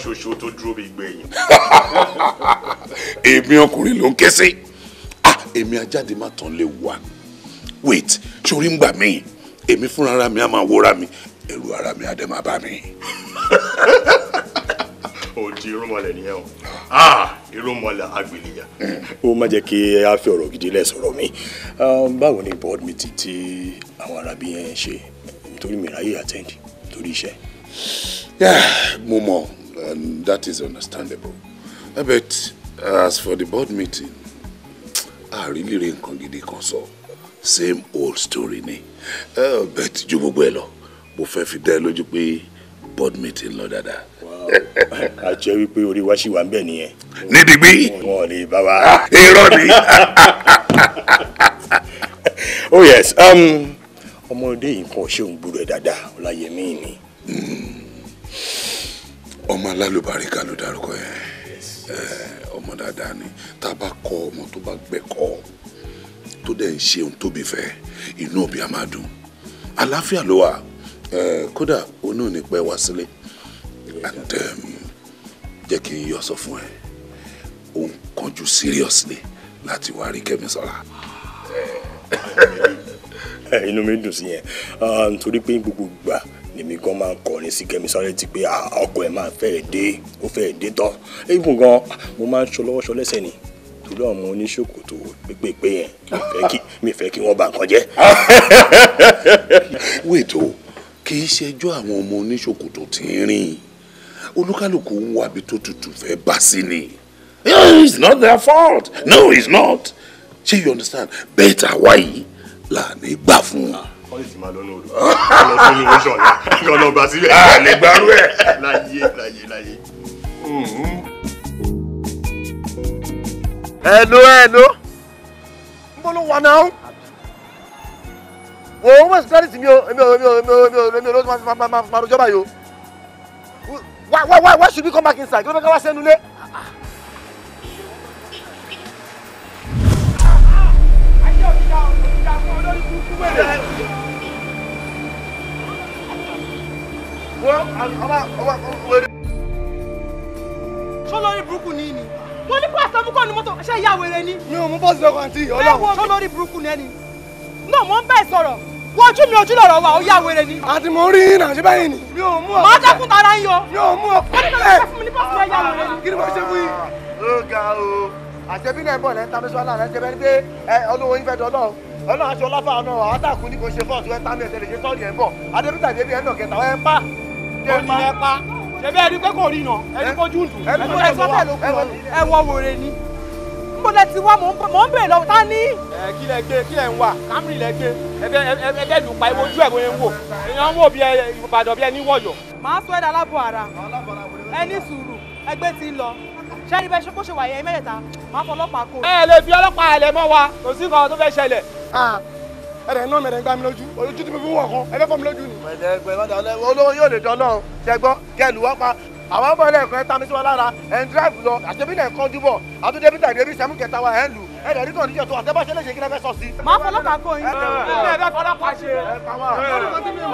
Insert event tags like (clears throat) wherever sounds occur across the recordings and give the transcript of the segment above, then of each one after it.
ṣoṣo tó dúró bí gbẹ̀yìn. (laughs) èmi ọkùnrin ló ń ké sí ah, èmi ajáde má tán lè wà wait sórí ń gbà mí èmi fúnra mi á máa wóra mi ẹ̀rù ara mi á dẹ̀ máa bá mi. (laughs) o di nìyẹn o ah, irúnmọlẹ̀ agbèlèyà. Hmm, ó má jẹ́ kí a fi ọ̀rọ̀ gidi lẹ̀ sọ̀rọ̀ mi ah, báwo ni board meeting tí àwọn arábí yẹn ṣe nítorí mi ráyè attend torí iṣẹ́. (sighs) mo mọ̀ and that is understandable. Eh, but uh, as for the board meeting, I really rí nǹkan gidi kan sọ same old story ni uh, but ju gbogbo ẹ lọ mo fẹ́ fi dá ẹ lójú board meeting no, dada. Wow. (laughs) jẹ́ wípé orí wa ṣì wà ń Benny. nìyẹn. ní Morning, Baba. Hey ní ah, (laughs) Oh yes. Um. oh yes ọmọdé yìí kan ṣé òun gbúdọ̀ dáadáa ọláyẹmí ni. Mm ọmọ alálùbáríkà ló dárúkọ yẹn ọmọ dáadáa ni tá a bá kọ ọmọ tó bá gbẹ̀kọ́ tó dẹ̀ ń ṣe ohun tóbi fẹ́ inú òbí a máa dùn àlàáfíà ló wà kódà onú ní pẹ́ wá sílé and um, jẹ́ kí n yọ sọ fún ẹ ó ń seriously láti wá rí kẹ́mi sọ́ra. inú mi dùn sí yẹn ah, nítorí pé gbogbo gbà èmi gan máa ń kọrin sí Kẹ́mi Sárẹ́tì pé ọkọ ẹ̀ máa fẹ́ẹ̀ dé ó fẹ́ẹ̀ dé tán even gan mo máa ń ṣọ lọ́wọ́ ṣọ lẹ́sẹ̀ ni torí àwọn oníṣòkòtò pépèpé yẹn mi fẹ́ kí wọ́n bà nǹkan jẹ́. (laughs) wètò kì í ṣẹjọ́ àwọn ọmọ oníṣòkòtò tí ń rìn olúkálùkù ń wábi tó tutù fẹ́ bá sí ni it's not their fault no it's not ṣé you understand bẹ́ẹ̀ tà wáyé là ní gbà fún wa wọ́n sì ti máa lọ́nà odò lọ sí innovation yẹn kọ́ lọ bá síbẹ̀. gbarú ẹ̀. láyé láyé láyé. ẹ̀lò ẹ̀lò ń ló wà náà wo owó ẹ̀sìn credit mi o èmi o èmi o èmi o èmi o èmi o ló máa máa máa rojọ́ báyìí o why why why why should we come back inside kí ló fẹ́ ká wá sẹ́nu lé. ayé wọ́n ọba mo ni mọ́tò ṣé ìyá wẹ̀rẹ̀ ni. mi ò ọlọ́run. ni ẹni mo ń bẹ́ẹ̀ sọ̀rọ̀ wọ ojú mi ojú lọ̀rọ̀ wa ó yá wẹ̀rẹ̀ ni. àti mo ni. mi ò mú ọ. màá dákun tara ń yọ. mi ò mo ṣe fún yín. Ah, ó ga o àṣẹbí náà bọ̀ lẹ́ńtà mẹ́sàn-án náà lẹ́ńtà bẹ́ẹ̀ ni pé olówó yín fẹ́ dọ́ náà ọlọ́run aṣọ ọlọ́fà ọ̀nà àtàkùn ní kò ṣe fọ́ọ̀tù ẹ̀ tá mi ẹ̀ tẹ̀lé ṣe tọ́ọ̀nù ẹ̀ bọ̀ adébítà débi ẹ̀ náà kẹta ẹ̀ ń pa dẹ̀rù yẹn pa ṣẹbi ẹni pé kò rí iná ẹni kò jù dùn ẹni kò sọ bẹ́ẹ̀ ló kú ọ ẹwọ wèrè ni mo lẹ ti wá mò ń bèrè lọ ta ni. ẹ kí lẹ gbé kí lẹ ń wà Camry lẹ gbé ẹbẹ ẹbẹ lù pa ewu ojú ẹ wo yẹn wò èèyàn wò bí ẹ Ìbàdàn bí ẹni wọyọ. màá sọ ẹ̀dá alábọ̀ ara ẹni sùúrù ẹgbẹ́ ti ń lọ ṣẹ́ni bẹ́ẹ̀ ṣe kó ṣe wà yẹn mẹ́tẹ̀ẹ̀ta màá fọ ọlọ́pàá kó. ẹ lè fi ọlọ́pàá ẹ̀ lẹ̀ mọ́ wa kò sí nǹkan tó fẹ́ ṣẹlẹ̀ ẹ̀rẹ̀ náà mẹ̀rẹ̀ gbá mi lójú ojú tí mi fi wọ̀ kan ẹ̀fẹ́ fọ́ mi lójú ni. ẹ̀ẹ́dẹ̀gbẹ̀ lọ́dọ̀ olówó yóò lè jọ náà ṣẹgbọ́n kẹlù wá pa àwọn ọmọ ẹlẹ́ẹ̀kọ́ ẹ tami sí wa lára ẹ̀ ń dráìbù lọ àṣebí náà ẹ̀kọ́ dúbọ̀ àtúndé bí tàbí ebi sẹ́mú kẹta wa ẹ̀ ń lù ẹ̀ lọ rí kàn níjọ tó àtẹ́bàṣẹ́ lè ṣe kí lẹ́ fẹ́ sọ sí. máa fọlọ́pàá kò yín. ẹ bẹ fọlọ́pàá ṣe.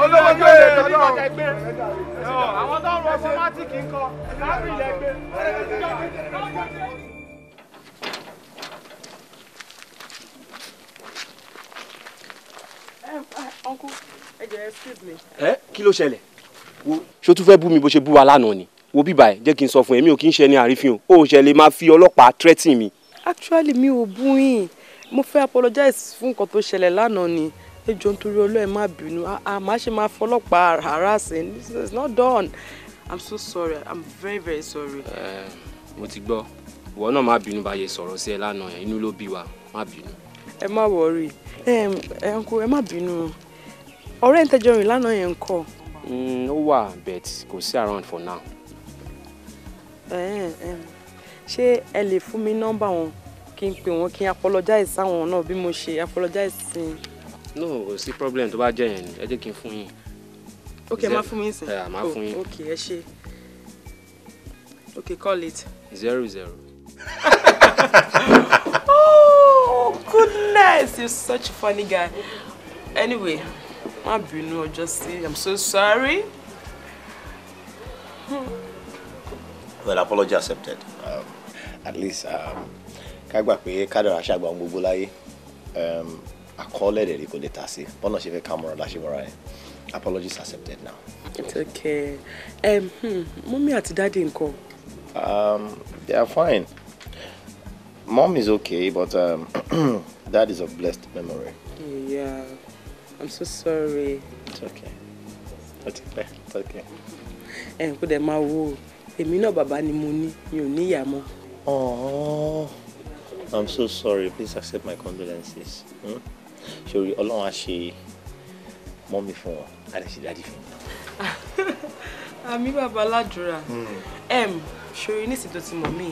olówó yóò lè tọ́lọ́. àwọn tó ń rọ fọmátìkì ń kọ káàbì lẹ́gbẹ̀ẹ́. uncle ẹ excuse me. ẹ kí ló ṣẹlẹ̀ wo ṣó tún fẹ́ bú mi bó ṣe bú wa lánàá ni wo bíbá ẹ jẹ́ kí n sọ fún ẹ mi ò kí n ṣe ní àrífín o ò ṣẹlẹ̀ máa fi ọlọ́pàá threaten mi. actually mi ò bú yín mo fẹ́ apologize fún nǹkan tó ṣẹlẹ̀ lánàá ni ẹ jọ̀ọ́ nítorí Ọlọ́run má bínú àmọ́ ṣe máa fọlọ́pàá harassing this is not done i'm so sorry i'm very very sorry. ẹ mo ti gbọ́ ìwọ náà má bínú bá yẹ sọ̀rọ̀ sí ẹ lánàá inú ló bí wa má bínú ẹ má wọrí ẹ ǹkọ ẹ má bínú ọ̀rẹ́ ń tẹjọ rìn lánàá yẹn ń kọ́. Mm, ó wà bet kò sí around for now. ṣé ẹ lè fún mi nọ́mbà wọn kí n pè wọn kí n apologize sáwọn náà bí mo ṣe apologize sí i. no kò sí problem tó bá jẹ́ yẹn ẹ jẹ́ kí n fún yín. ok ẹ má fún mi sìn. ẹ eh, má oh, fún yín. ok ẹ ṣe ok call it. zero zero. (laughs) guy is still such a funny guy. Anyway, my Bruno, just see, I'm so sorry. Well, apology accepted. Um, at least, um, ká gbà pé kádàrá ṣàgbà ohun gbogbo láyé. Um, àkọọ́lẹ̀ rẹ̀ rí kò lè tà sí. Bọ́nà ṣe fẹ́ ká mọ̀ràn láṣẹ Apologies accepted now. It's okay. Um, hmm, mummy àti daddy ńkọ́? Um, they are fine. Mom is okay, but um, (clears throat) dad is a blessed memory. Yeah, I'm so sorry. It's okay. It's okay. It's okay. Ẹ eh, kó dẹ̀ máa wo èmi náà bàbá ni mo ní mi ò níyà mọ́. Oh, I'm so sorry. Please accept my condolences. Hmm? Ṣòrí Ọlọ́run á ṣe mọ́mí fún wọn, á lè ṣe dáàdì fún wọn. (laughs) Àmì bàbá ládùúrà. Hmm ṣòro nísìnyí tó ti mọ̀ mí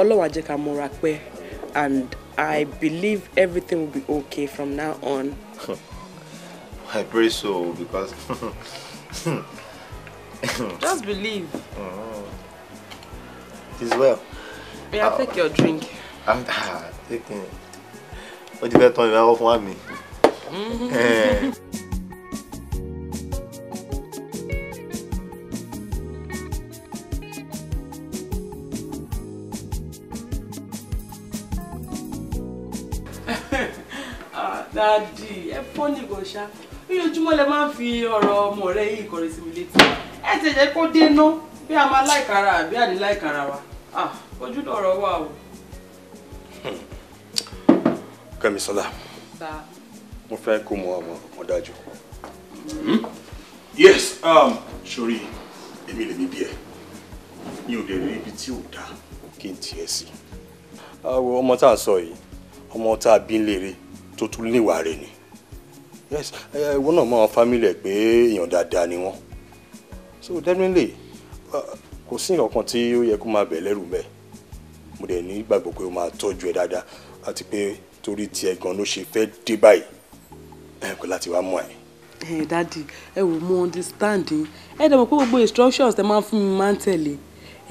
ọlọ́wà jẹ́ ká mọ́ra pẹ́ and I believe everything will be okay from now on. (laughs) I pray so because. (laughs) Just believe. Oh. well. May I uh, take your drink? I'm taking. What do you want to fún wa mi? (laughs) dáàdì ẹ fọ́ nìkan ṣá ojoojúmọ́ lẹ máa ń fi ọ̀rọ̀ ọmọ rẹ yìí kọrin sí mi létí ẹ ti jẹ́ kó dénú bí a máa àbí àní wa ojú lọ̀rọ̀ wà o. mo fẹ́ kó mọ ọmọ ọmọ hmm? um, sori bi ẹ mi ò lè rí ibi tí ò kí n tiẹ̀ sí. àwọn ọmọ tá sọ yìí ọmọ tá a bí ń rí. tó tún níwà rẹ̀ ni yes ìwọ náà mọ àwọn family ẹ̀ pé èèyàn dáadáa ni wọ́n so definitely kò sí nǹkan tí ó yẹ kó máa bẹ̀ lẹ́rù mẹ́ mo dẹ̀ ní ìgbàgbọ́ pé ó máa tọ́jú ẹ dáadáa àti pé torí tiẹ̀ gan ló ṣe fẹ́ dé báyìí ẹ̀ kò láti wá mọ̀ ẹ́ ẹ̀yin dadi ẹ wò mo understand yín ẹ dẹ̀ mọ̀ pé gbogbo instructions tẹ máa ń fún mi máa ń tẹ̀lé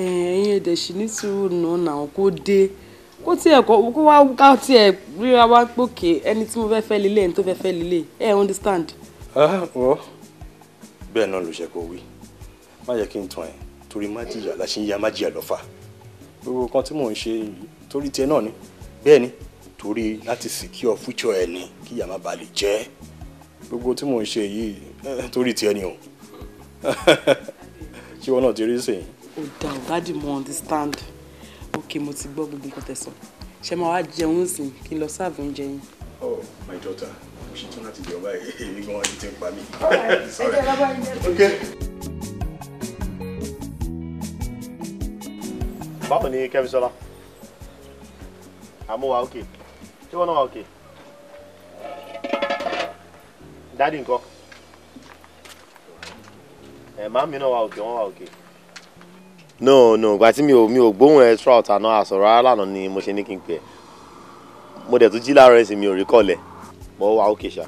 ẹ̀yin ẹ̀dẹ̀ ṣì ní sùúrù náà kó dé kó tiẹ̀ kọ́ kó wá ká tiẹ̀ ríra wá gbòkè ẹni tí mo fẹ́ fẹ́ lélẹ̀ ẹni tó fẹ́ fẹ́ lélẹ̀ ẹ understand. Ah, wọ́n bẹ́ẹ̀ náà ló ṣe kó wí má yẹ kí n tàn ẹ́ torí má la ṣe ń ya má jìyà lọ́fà gbogbo kan tí mò ń ṣe torí tiẹ̀ náà ni bẹ́ẹ̀ ni torí láti secure future ẹ̀ ni kí ìyá má ba lè jẹ́ gbogbo tí mò ń ṣe yìí eh, torí tiẹ̀ ni o (laughs) ṣé wọn náà ti rí sèyí. ó dà ó dádì mo understand ok mo ti gbọ́ gbogbo nǹkan tẹ̀sán ṣe máa wá jẹun sìn kí n lọ sáàbù oúnjẹ yín. oh my daughter mo ṣe tún láti jẹun báyìí (laughs) èmi gan-an ti ti ń pa mí. sorry okay. báwo ni kẹ́misọ́lá àmúwa òkè tí wọ́n náà wà òkè dáàdì nǹkan ẹ̀ máa mi náà wà òkè wọ́n wà òkè no no ìgbà tí mi ò mi ò gbóhùn ẹ throughout àná àsọ̀rọ̀ aláàánú ni mo ṣe ní kí n pè ẹ́ mo dẹ̀ tún jí láàárọ̀ ẹ̀sìn mi ò rí kọ̀lẹ̀ bọ́ wà ókè ṣá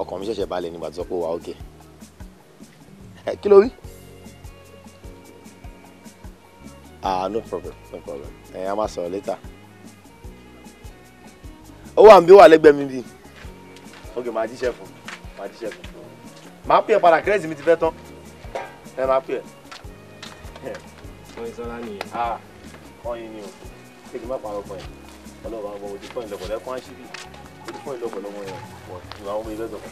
ọkàn mi ṣẹ̀ṣẹ̀ balẹ̀ nígbà tó sọ pé wà ókè ẹ kí ló rí ah no problem no problem ẹ a máa sọ̀rọ̀ later ó wà ń bí wà lẹ́gbẹ̀ẹ́ mi bí ok máa jíṣẹ́ fún máa jíṣẹ́ fún máa pè é padà kérésì mi ti fẹ́ tán ẹ máa pè é kọyìn sọlá nìyẹn. a kọyìn ni o ṣé kí n má parọ́ fún ẹ ọlọ́run àwọn ojú ìlọ́pọ̀ lẹ́kọ́ àṣírí ojú ìlọ́pọ̀ lọ́wọ́ yẹn pọ̀ ju ọmọ ilé ẹ̀dọ̀kọ̀.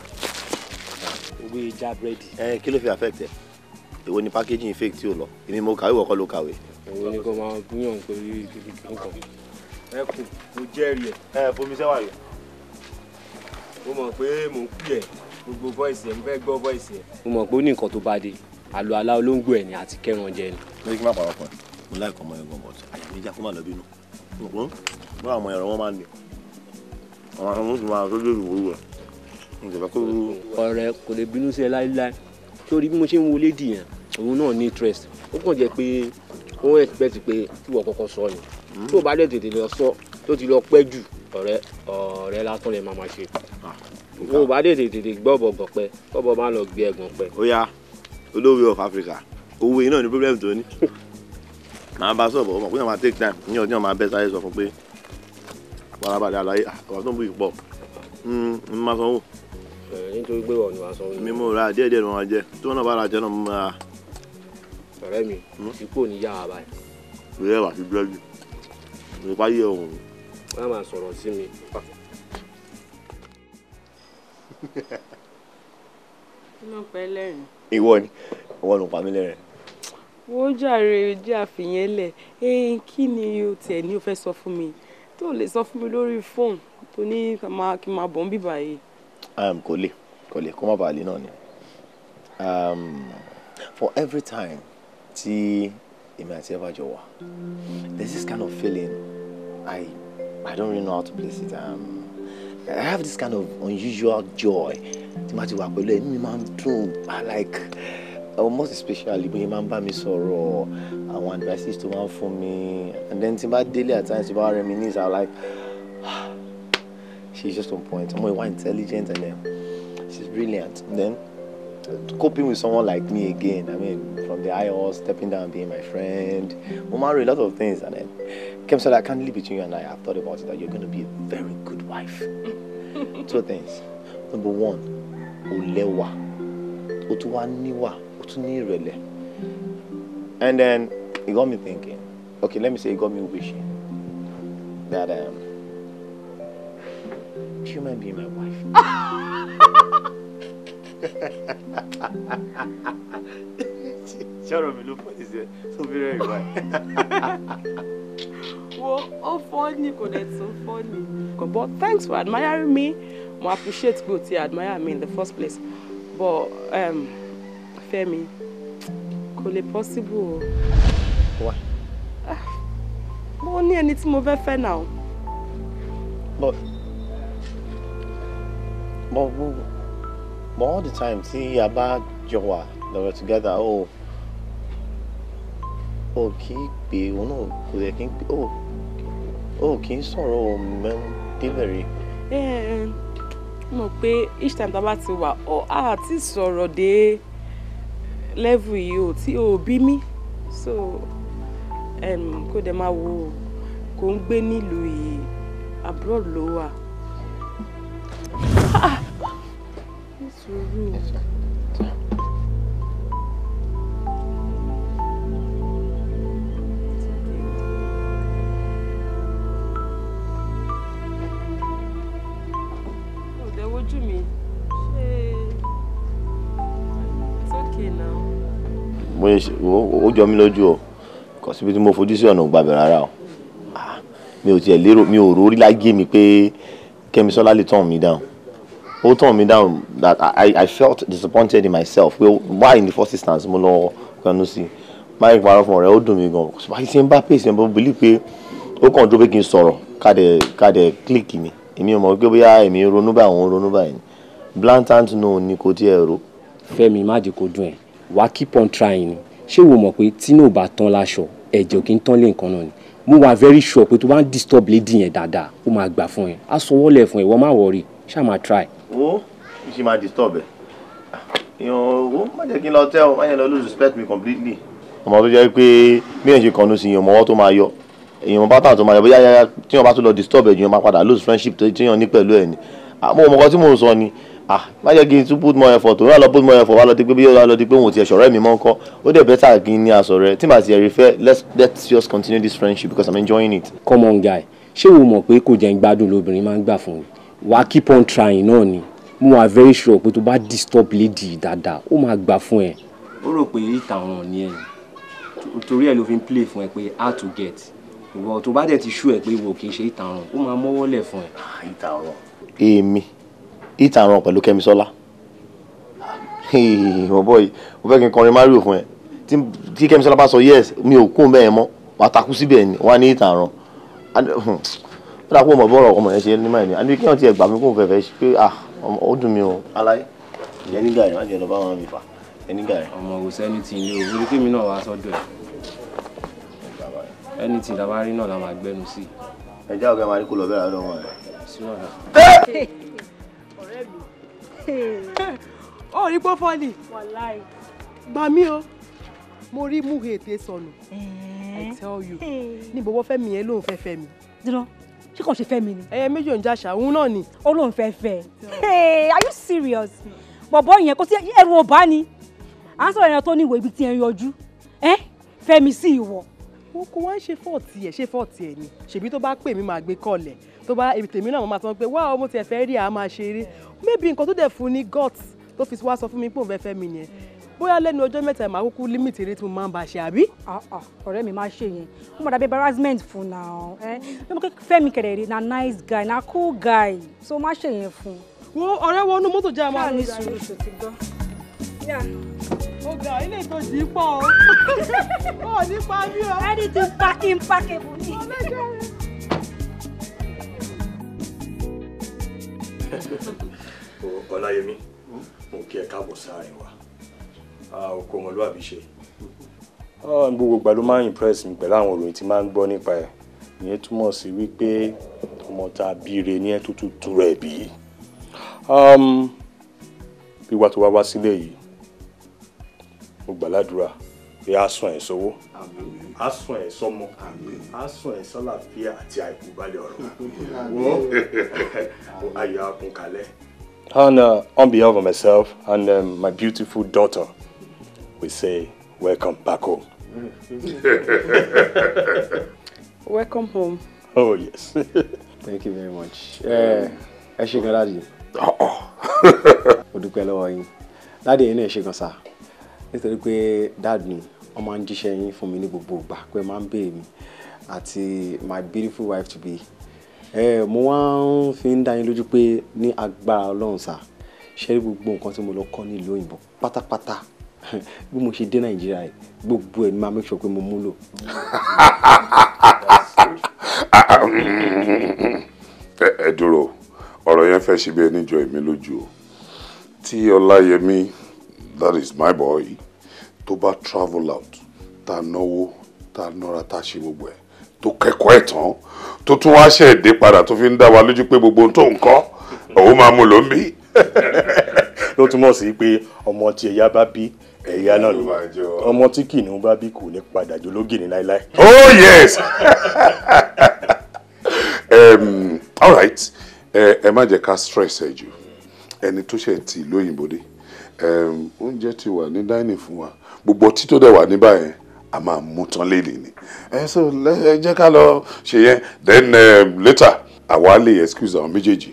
owó ìjà búrẹ́dì. ẹ kí ló fi affect èwo ni packaging fake tí o lọ èmi mo kàwé wọ́kọ́ ló kàwé. èwo ni kò máa gúnyàn pé ibi kan ẹ kù mo jẹ́rìí àlọ́ alá olóńgbò ẹ̀ ni àti kẹran jẹ ni. mo ní kí n má pàrọ̀ pọ̀ mo láìkọ́ ọmọ ẹ̀gbọ́n bọ̀t àyà mi já kó má lọ bínú. báwo àwọn ẹ̀rọ wọn máa ń lè àwọn àwọn oṣù máa tó lórí òwúrọ̀ ọ̀rẹ́ kò lè bínú sí ẹ láéláé torí bí mo ṣe ń wọlé dì òun náà ní interest ó kàn jẹ́ pé ó ń expect pé kí wọ́n kọ́kọ́ sọ ni hmm. tó o bá dẹ̀ tètè lọ sọ tó ti lọ pẹ́ jù ọ̀rẹ́ ọ̀rẹ́ lásán lè máa máa ṣe ah, o bá dẹ̀ tètè gbọ́ bọ̀gàn pẹ́ kọ́bọ̀ máa lọ gbé ẹ̀gàn pẹ́. ó yá olówe of Africa owó iná ní problem tó ní màá bá sọ̀bọ̀ ọmọ pé wọ́n máa take time ní ọdún ọmọ abẹ́ sáré sọ fún pé àpárabàdà àlàyé àwọn tó ń bú yìí pọ̀ ń hmm, má sanwó. nítorí pé wọn ni wàá sanwó. mi mo ra díẹ̀ díẹ̀ ni wọ́n jẹ tí wọ́n náà bá ra jẹ náà mo máa. ọ̀rẹ́ mi hmm? ikú ò ní yá wa báyìí. ìrẹ́ wà sí búrẹ́dì nípa yẹ òun. wọ́n máa sọ̀rọ̀ sí mi. kí ló ń pẹ́ lẹ́rìn-ín ìwọ ni ìwọ ló pa mí lẹ́rìn. wọ́n jàre ojú àfihàn lẹ̀ ẹ̀yìn kí ni o tiẹ̀ ní o fẹ́ sọ fún mi tó lè sọ fún mi lórí fóònù tó ní kí n máa bọ̀ ń bì báyìí. kò lè kò lè kó má bàa lè náà ni for every time tí èmi àti ẹ bá jọ wà there's this kind of feeling I I don't really know how to place it. Um, I have this kind of unusual joy tí màá ti wà pẹ̀lú ẹ̀ mi máa ń dùn I like almost especially bí máa ń bá mi sọ̀rọ̀ àwọn advices tó máa ń fún mi and then tí bá délé at times tí bá reminisce I like ah, she's just on point ọmọ ìwà intelligent and then she's brilliant and then coping with someone like me again I mean from the high horse stepping down being my friend we marry a lot of things and then Kem said I can't live between you and I I've thought about it that you're gonna be a very good wife. (laughs) Two things. Number one, o lẹ́wà, o tún wá And then it got me thinking. Okay, let me say it got me wishing that um, human might be my wife. (laughs) Ṣọ́rọ̀ mi ló fọ́ ìṣe tó bí rẹ̀ ìwà. (laughs) wo ó fọ́ọ̀nì kò dẹ̀ tún but thanks for admiring me I appreciate pé o admire me in the first place but um, Fẹ́mi Could it possible What? Ah, but mo ní ẹni tí mo fẹ́ but but but all the time see, a bá jọ wà lọ́rọ̀ together Oh Oh, keep kì í pè òun náà kò yẹ kí Oh, kì í sọ̀rọ̀ o mẹ́rin délẹ̀ rí. ẹ ẹ mo pé each time tá a bá ti wà ọ a ti sọ̀rọ̀ dé level yìí o tí o bí mi so kó dẹ̀ máa wo kò ń gbé nílùú yìí abroad ló wà. Ah! nítorí o. pé ó jọ mí lójú o kò síbi tí mo fojú sí ọ̀nà ògbàbẹ̀ rárá o ah, mi ò tiẹ̀ lérò mi ò rórí láyé mi pé Kẹ́misọ́lá lè tàn mí down ó tàn mí down that I, I felt disappointed in myself pé why in the first instance mo lọ kẹnu sí máyì parọ́ fún ọ̀rẹ́ ó dùn mí gan wáyé tí ń bá pèsè mo bìlí pé ó kàn dúró pé kí n sọ̀rọ̀ kádẹ kádẹ kílíkì mi èmi ò mọ̀ pé bóyá èmi ronú báyìí òun ronú báyìí blantant no ni kò tiẹ̀ rò. Fẹ́mi má di kó dùn ẹ wàá keep on trying ṣé wo mọ̀ pé tí náà bá tán láṣọ ẹ̀jẹ̀ ò kí ń tán lé nǹkan náà ni mo wà very sure pé tó bá ń disturb lady yẹn dáadáa ó máa gbà fún ẹ á sọwọ́lẹ̀ fún ẹ wọ́n má wọrí ṣáà máa try. wo ṣe máa disturb ẹ èèyàn owó má jẹ́ kí n lọ tẹ́ ọ má yẹn lọ lose respect me completely. ọmọ tó jẹ́ pé bí èèyàn ṣe kànú sí èèyàn mọ́wọ́ tó máa yọ èèyàn bá tàn tó máa yọ bóyá tí wọ́n bá tún lọ disturb ẹ̀ jù yẹn máa padà lose friendship tí èèyàn ní pẹ̀lú ẹ̀ ni àmọ́ ah, ọmọ kan tí mò sọ ni ah má jẹ́ kí n tún put more effort òun wà lọ put more effort wà lọ di pé bí yóò lọ di pé òun ò tiẹ̀ ṣọ̀rẹ́ mi mọ́ ń kọ́ ó dẹ̀ bẹ́tà kí n ní aṣọ rẹ tí màá tiẹ̀ rí fẹ́ let's let's just continue this friendship because i'm enjoying it. come on guy ṣé o mọ̀ pé kò jẹ́ ń gbádùn lóbìnrin máa ń gbà fún mi wàá keep on trying náà ni mo wà very sure pé tó bá disturb lady dáadáa ó máa gbà fún ẹ. ó rò pé ìtàwọn ni ẹ torí ẹ ló fi ń play fún ẹ pé how to get ìwọ tó bá dẹ̀ ti ṣú ẹ pé ìwọ kì í ṣe ìtàwọn ó máa mọ́wọ́lẹ̀ fún ẹ. Ah, ìtàwọn. èmi eat and run pẹ̀lú Kẹ́misọ́lá wọ́n bọ́ yìí mo fẹ́ kí n kọrin Mario fún ẹ tí Kẹ́misọ́lá bá sọ yes mi ò kún bẹ́ẹ̀ mọ́ wàá takú síbẹ̀ ni wọ́n á ní eat and run hmm, ó dà kó mọ̀ bọ́ọ̀rọ̀ ọmọ yẹn ṣe ní máa ní àbí kí wọ́n ti ẹ̀ gbà mí kó fẹ́fẹ́ pé ah ó dùn mí o. aláì ìyẹn nígbà yẹn má jẹ́ lọ bá wọn mi fà ẹ nígbà yẹn. ọmọ kò sẹ́ni tí ilé òwúrú kí mi náà wá sọ́dọ̀ ẹ̀ ẹni tí ìdábárí náà la máa gbẹnu sí. ẹjẹ ọgá máa ní kó lọ bẹ̀rẹ̀ lọ́wọ́ rẹ̀. (laughs) ó rí pé fọ́ọ̀lì gbà mí o mo rí mú ètè sọnù i tell you ní bọ́bọ́ fẹ́mi yẹn lòun fẹ́ fẹ́ mi. dúró ṣé kò ṣe fẹ́ mi ni. ẹyẹ méjì òun jàṣà òun náà ni. ó lóun fẹ́ fẹ́ are you serious bọ̀bọ̀ yẹn kò sí ẹrù ọba ni à ń sọ̀rọ̀ ẹ̀rọ tó níwèé ibi tí ẹ yọjú fẹ́mi sí ìwọ kó wá ń ṣe fọ́ọ̀tì ẹ̀ ṣe fọ́ọ̀tì ẹ̀ ni ṣèbí tó bá pè mí máa gbé kọ́ọ̀lẹ̀ tó bá èmi tèmi náà mo máa sọ pé wá ọmọ tiẹ̀ fẹ́ rí àá máa ṣeré maybe nǹkan tó dẹ̀ fún ní guts tó fi wá sọ fún mi pé òun fẹ́ fẹ́ mi yẹn bóyá lẹ́nu ọjọ́ mẹ́ta ẹ̀ máa kúkú límìtì eré tí mo máa ń ba ṣe àbí. Ah, ah, ọ̀rẹ́ mi máa ṣe yẹn wọ́n mọ̀ dàbí embarrassment fún un náà ẹ́ lọ́mọ kẹ́kẹ́ fẹ́mi kẹ̀rẹ̀ rí na nice guy na cool guy so má ṣe yẹn fún un. wo ọ̀rẹ́ wọnú mọ́tò jẹ́ àwọn àrùn ìṣòro ṣòtì àlàáfíà. ọ̀gá ilé tó jí pọ̀ o ò (laughs) ní pa mí o. ẹni tí ń pa kí n pa kébù ni. ọláyẹmí mo kí ẹ káàbọ̀ sáàrin wa oko ọmọlúwàbí ṣe. gbogbo ìgbà ló máa ń impress mi pẹ̀lú àwọn òròyìn tí máa ń gbọ́ nípa ẹ̀ ìyẹn túmọ̀ sí wípé ọmọ tá a bíire ní ẹ̀ tó tutù rẹ̀ bí. wíwá tó wá wá sílé yìí mo gbàládùra pé á sùn ẹ̀ sówó á sùn ẹ̀ sọ́mọ á sùn ẹ̀ sọ́làfíà àti àìkúbalẹ̀ ọ̀rọ̀ wọ́n (laughs) ayọ̀ akúnkalẹ̀. And uh, on behalf of myself and um, my beautiful daughter, we say welcome back home. (laughs) welcome home. Oh, yes. (laughs) Thank you very much. Eh, ẹ ṣe gan dáàdi. Ó dúpẹ́ lọ́wọ́ yín. Dáàdi yín náà ṣe gan sáà nítorí pé dad mi wọ́n máa ń jíṣẹ́ yín fún mi ní gbogbo ìgbà pé máa ń béè mi àti my beautiful wife to be ẹ mo wá ń fi ń dá yín lójú pé ní agbára ọlọ́run sà ṣe rí gbogbo nǹkan tí mo lọ kọ́ nílùú òyìnbó pátápátá (laughs) bí mo ṣe dé nàìjíríà yìí gbogbo ẹ̀ máa make sure pé mo múlò. (laughs) ẹ dúró ọ̀rọ̀ yẹn fẹ́ ṣe bí ẹni jọ èmi lójú o tí ọláyẹmí that is my boy tó bá travel out ta a náwó tá a nọra tá gbogbo ẹ tó kẹkọọ ẹ̀ tán tó tún wá ṣe èdè padà tó fi ń dá wa lójú pé gbogbo ohun tó ń kọ́ òun máa mú ló ń bí. ló túmọ̀ sí pé ọmọ tí ẹ̀yà bá bí ẹ̀yà náà ló ọmọ tí kìnìún bá bí kò ní padà jù jọ lógìnì láéláé. oh yes um, (laughs) all right ẹ má jẹ́ ká stress ẹ jù ẹni tó ṣe ti ìlú dé. oúnjẹ ti wà ní dáìnì fún wa gbogbo ọtí tó dẹ̀ wà ní báyẹn a máa mú tán léèlè ni ẹ so ẹ jẹ́ ká lọ ṣe yẹn then um, later àwa lè excuse àwọn méjèèjì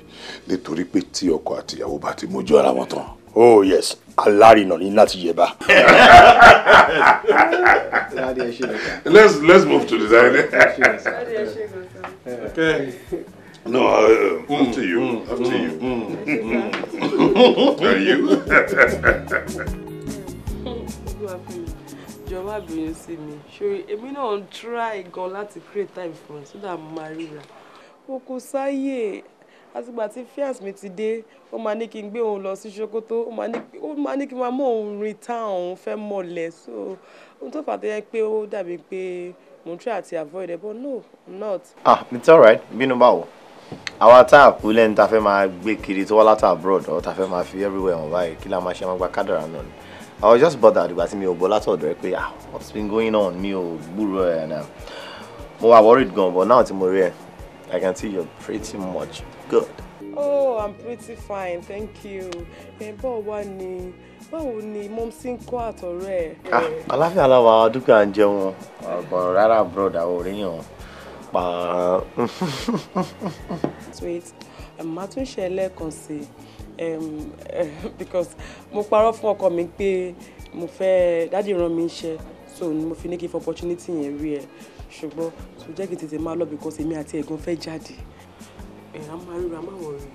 nítorí pé tí ọkọ àti ìyàwó bá ti mójú ara wọn tán. oh yes alárinà ní láti yẹba. let's let's move to the dining. okay. No, I, uh, after mm, you. Mm, after mm, you. Mm, mm. (laughs) mm, mm. Are you? (laughs) Jọ̀wọ́ you see me. Ṣòrí I náà ń try gan to create time for so that màá ríra. O kò sáyè. Àtìgbà tí fiance today, ti dé, ó máa ní kí n gbé òun lọ sí Ṣókótó. Ó máa ní kí n máa mú òun rin town, So ohun tó fà tó yẹ pé ó dàbí pé mò try àti avoid ẹ̀ but no, I'm not. Ah, it's alright. Bínú báwo? àwa tá a kú lẹ́nu tá a fẹ́ máa gbé kiri tó wá látà abroad ọ̀ tá a fẹ́ máa fi everywhere hàn báyìí kí la máa ṣe máa gba kádàrà náà ni I was just bothered ìgbà tí mi ò gbọ́ látọ̀dọ̀ ẹ pé ah what's been going on mi ò gbúrò ẹ̀ náà mo wà worried gan but now tí mo rí ẹ I can see you're pretty much good. Oh, I'm pretty fine, thank you. Ẹ bọ́ wá ni báwo ni mo ti ń kó àtọ̀rẹ́ ẹ̀. Aláfíà ah, làwọn dúkìá ń jẹun ọ̀gbọ̀n rárá broda ò ríyàn pa. sweet màá tún ṣe ẹlẹ́ẹ̀kan sí eh, (laughs) because mo parọ́ fún ọkọ mi pé mo fẹ́ dáàdì rán mi iṣẹ́ so mo fi ní kí n fọ opportunity yẹn rí ẹ ṣùgbọ́n tó jẹ́ kí tètè máa lọ because èmi àti ẹ̀gbọ́n fẹ́ jáde ẹ̀ á máa ríra máa wọ̀ rí.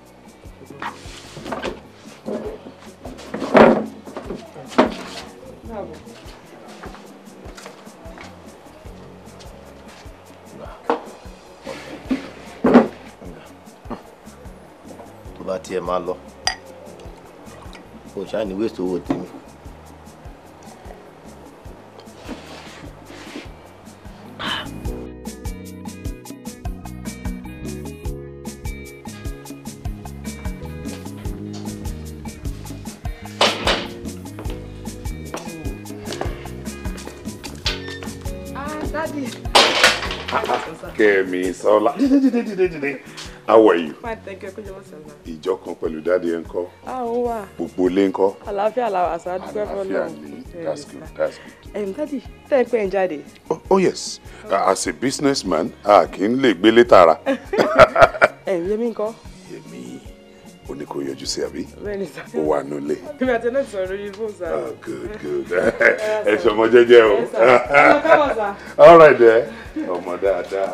tiẹ̀ máa lọ kò ṣáà ní wéṣọ owó tèmi. Kemi Sola. How are you? Fine, thank you ìjọkan pẹ̀lú dáàdi ẹ̀ ń kọ́. a ó wà. gbogbo ilé ń kọ́. àlàáfíà làwọn àṣà dúpẹ́ fọlọ́. àlàáfíà ni that's good that's good. ẹ̀m dáàdi tẹ́ ẹ pé ẹ̀ ń jáde. oh, oh yes uh, as a businessman a kì í lè gbélé tààrà. (laughs) ẹ̀m yẹmi ń kọ́. yẹmi o ní kò yọjú sí àbí. bẹ́ẹ̀ni sá. o wà nulẹ̀. ibi àti ẹlẹ́tì sọ̀rọ̀ yìí fún sá. oh good good ẹ (laughs) ṣọmọ jẹ́jẹ́ o. (laughs) all right ẹ ọmọ dáadáa.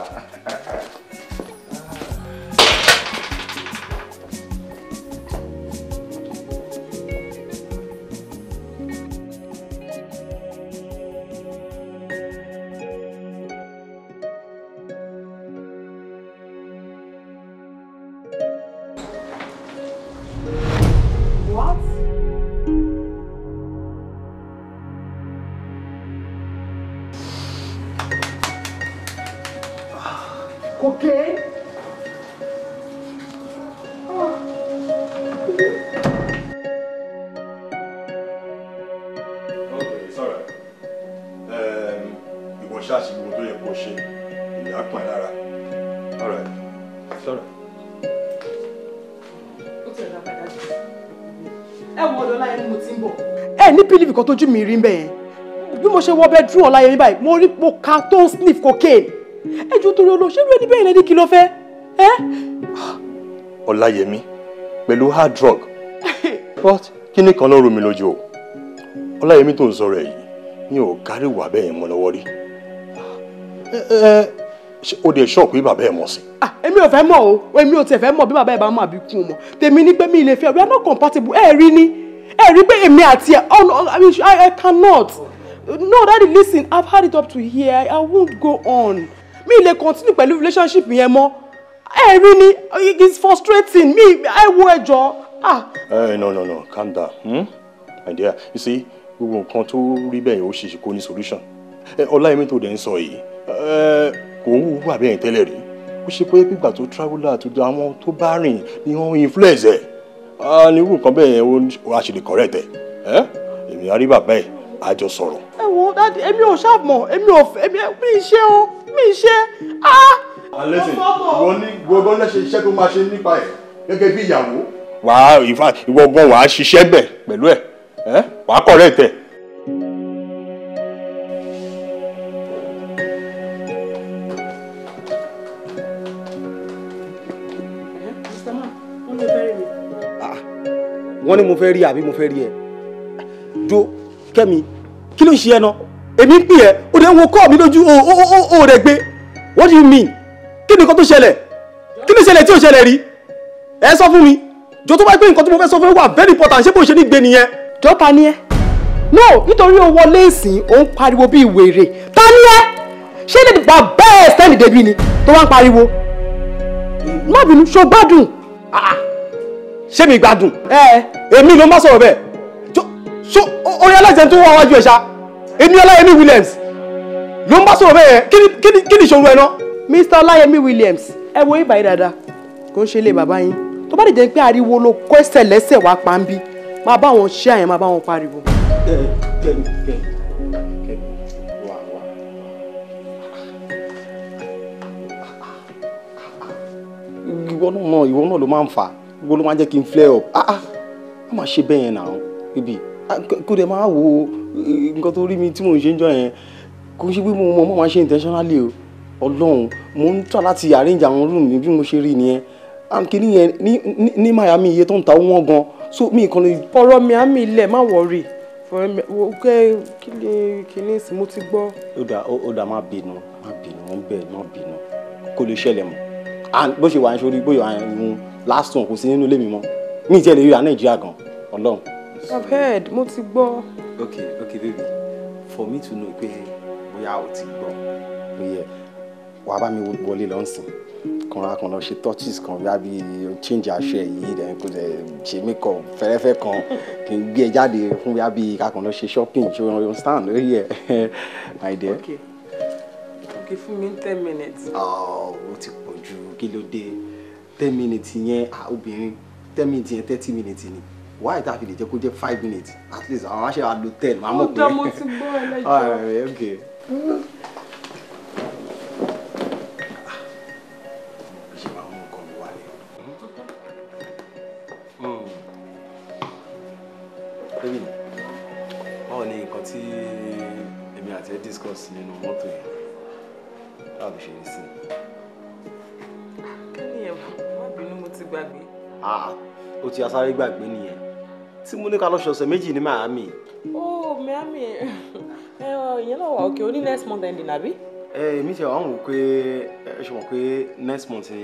nǹkan tójú mi rí mbẹ̀ yẹn bí mo ṣe wọ bedroom ọ̀láyẹmí báyìí mo rí mo ka tó ń sniff cocaine ẹ jù torí olóṣèlú ẹni bẹ́ẹ̀ lẹ́ni kí ló fẹ́ ẹ́. ọ̀láyẹmí pẹ̀lú hard drug (laughs) but kí ni kan ló rú mi lójú o ọ̀láyẹmí tó ń sọ̀rọ̀ yìí mi ò kárí wà bẹ́ẹ̀ mọ́ lọ́wọ́ rí ó de ṣọ́ọ̀kù bí bàbá ẹ̀ mọ̀ sí. Ah, èmi ò fẹ́ mọ̀ o èmi ò tiẹ̀ fẹ́ mọ̀ bí bàbá ẹ̀ bá mọ̀ àbí kún un mọ̀ tèmi ní pé mi ì lè fẹ́ we are not compatible ẹ̀ rí ni ẹ rí pé èmi àti ẹ oh oh, I mean I, I cannot no daddy listen I've had it up to here I won't go on mi lè continue pẹ̀lú relationship yẹn mọ́ ẹ rí ni it is frustrating mi I wo ẹjọ́ ah. Hey, eh, no no no calm down hmm? my dear you see gbogbo nǹkan tó rí bẹ́ẹ̀ ó ṣèṣe kó ní solution eh, ọláyẹmí tó dẹ̀ ń sọ yìí eh, kò ń wúwà bẹ́ẹ̀ tẹ́lẹ̀ rí ó ṣe pé pígbà tó travel out àwọn tó bá rìn ni wọ́n influence ẹ̀ anirú nǹkan bẹ́ẹ̀ yẹn wọ́n á ṣe lè correct ẹ̀ èmi á rí bàbá ẹ̀ á jọ sọ̀rọ̀. ẹ wo dadi èmi ò ṣàmọ̀ èmi ò fẹ́ èmi mi ṣe o mi ṣe á. alẹ́sìn ah, ìwọ ní gbogbo lẹ́sẹ̀ iṣẹ́ tó máa ṣe nípa ẹ̀ gẹ́gẹ́ bí ìyàwó. wàá ìwọ gan wàá ṣiṣẹ́ bẹ̀ pẹ̀lú ẹ̀ wàá correct ẹ̀ wọ́n ní mo fẹ́ rí àbí mo fẹ́ rí ẹ jo kẹ́mi kí ló ṣe ẹ èmi ń pè ẹ o dẹ̀ ń wo kọ́ mi lójú o o o o rẹ̀ gbé what do you mean kí ni nǹkan tó ṣẹlẹ̀ kí ni ṣẹlẹ̀ tí ò ṣẹlẹ̀ rí ẹ sọ fún mi jọ tó bá pé nǹkan tí mo fẹ́ sọ fún ẹ wà very important ṣé bó ṣe ní gbé nìyẹn. jọta ni ẹ no nítorí o wọlé ìsìn ò ń pariwo bíi wèrè ta ni ẹ ṣé lè gba bẹ́ẹ̀ sẹ́ni débi ni tó wá ń pariwo má bínú ṣó gbádùn. Ah, ah. ṣé mi gbádùn. ẹ ẹ èmi ló má sọ̀rọ̀ bẹ́ẹ̀ so orí aláìsẹ̀ tó wà wájú ẹ̀ ṣá èmi ọláyẹmí williams ló ń bá sọ̀rọ̀ bẹ́ẹ̀ kí ni ìṣòro ẹ̀ náà. mr ọláyẹmí williams ẹ wo ibà yìí dáadáa kò ń ṣe ilé bàbá yín tó bá lè jẹ́ pé ariwo ló kọ́ ẹsẹ̀ lẹ́sẹ̀ wá pa ń bí máa bá wọn ṣe àyàn máa bá wọn pariwo. ìwọ náà ìwọ náà ló máa ń fà á gbogbo ló máa ń jẹ́ kí n flare up. Ah, ah a máa ṣe bẹ́ẹ̀ yẹn náà bíbí kó dẹ̀ máa wo eh, nǹkan tó rí mi tí mò ń ṣe ń jọ yẹn kò ṣe pé mo mọ̀ máa ṣe intentionally o ọlọ́run mo ń tọ́ láti arrange àwọn room mi bí mo ṣe rí nìyẹn àǹkíní yẹn ní Miami iye tó ń ta wọ́n gan so mi kàn lè. ọ̀rọ̀ Miami ilẹ̀ má wọ̀rì ọ̀kẹ́ kí ni kìíní sí mo ti gbọ́. ó dà ó dà má bínú má bínú ó ń bẹ̀ má bínú kó lè ṣẹlẹ̀ mọ́ bó ṣe wà ń sórí bó ṣe wà ń mu last one kò sí nínú ilé mi mọ́ mi ti ẹ̀ lè rí nàìjíríà gan ọlọ́run. i've heard mo ti gbọ́. okay okay baby for me to know pé bóyá o ti gbọ́ oyè wà á bá mi wọlé lọ́nsìn kanra kan lọ ṣe touches kan bí abi change aṣọ ẹ̀yìn then kò tẹ̀ ṣe makeup fẹ́rẹ́fẹ́ kan kì í gbé ẹ jáde fún bí abi kakàn lọ ṣe shopping ṣe you understand lórí (laughs) ẹ̀ my dear. okay okay fún mi ten minutes. ọ̀ ah, o ti pọ̀ ju kí ló dé ten minutes yẹn ah, obìnrin ten minutes yẹn thirty minutes ni why ta fi lè jẹ́ kó jẹ́ five minutes at least àwọn aṣẹ́ wa lo ten máa mọ̀ pé. ó dá mo ti gbọ́ ẹ lẹ́jọ́. Mm. Hmm. tí èmi àti ẹ discuss nínú mọ́tò yẹn láàbù ṣe rí sí. Ah, kí ni ẹ̀fọ́ má bínú mo ti gbàgbé. Ah, o ah, ti asáré gbàgbé nìyẹn tí mo ní ká lọ ṣọ̀sẹ̀ méjì ní Miami. ó oh, Miami (laughs) eh, oh, ìyẹn náà wà òkè Okay, only next month ending àbí. ẹ eh, èmi ti àwọn wò pé eh, ẹ ṣe mọ̀ pé next month ni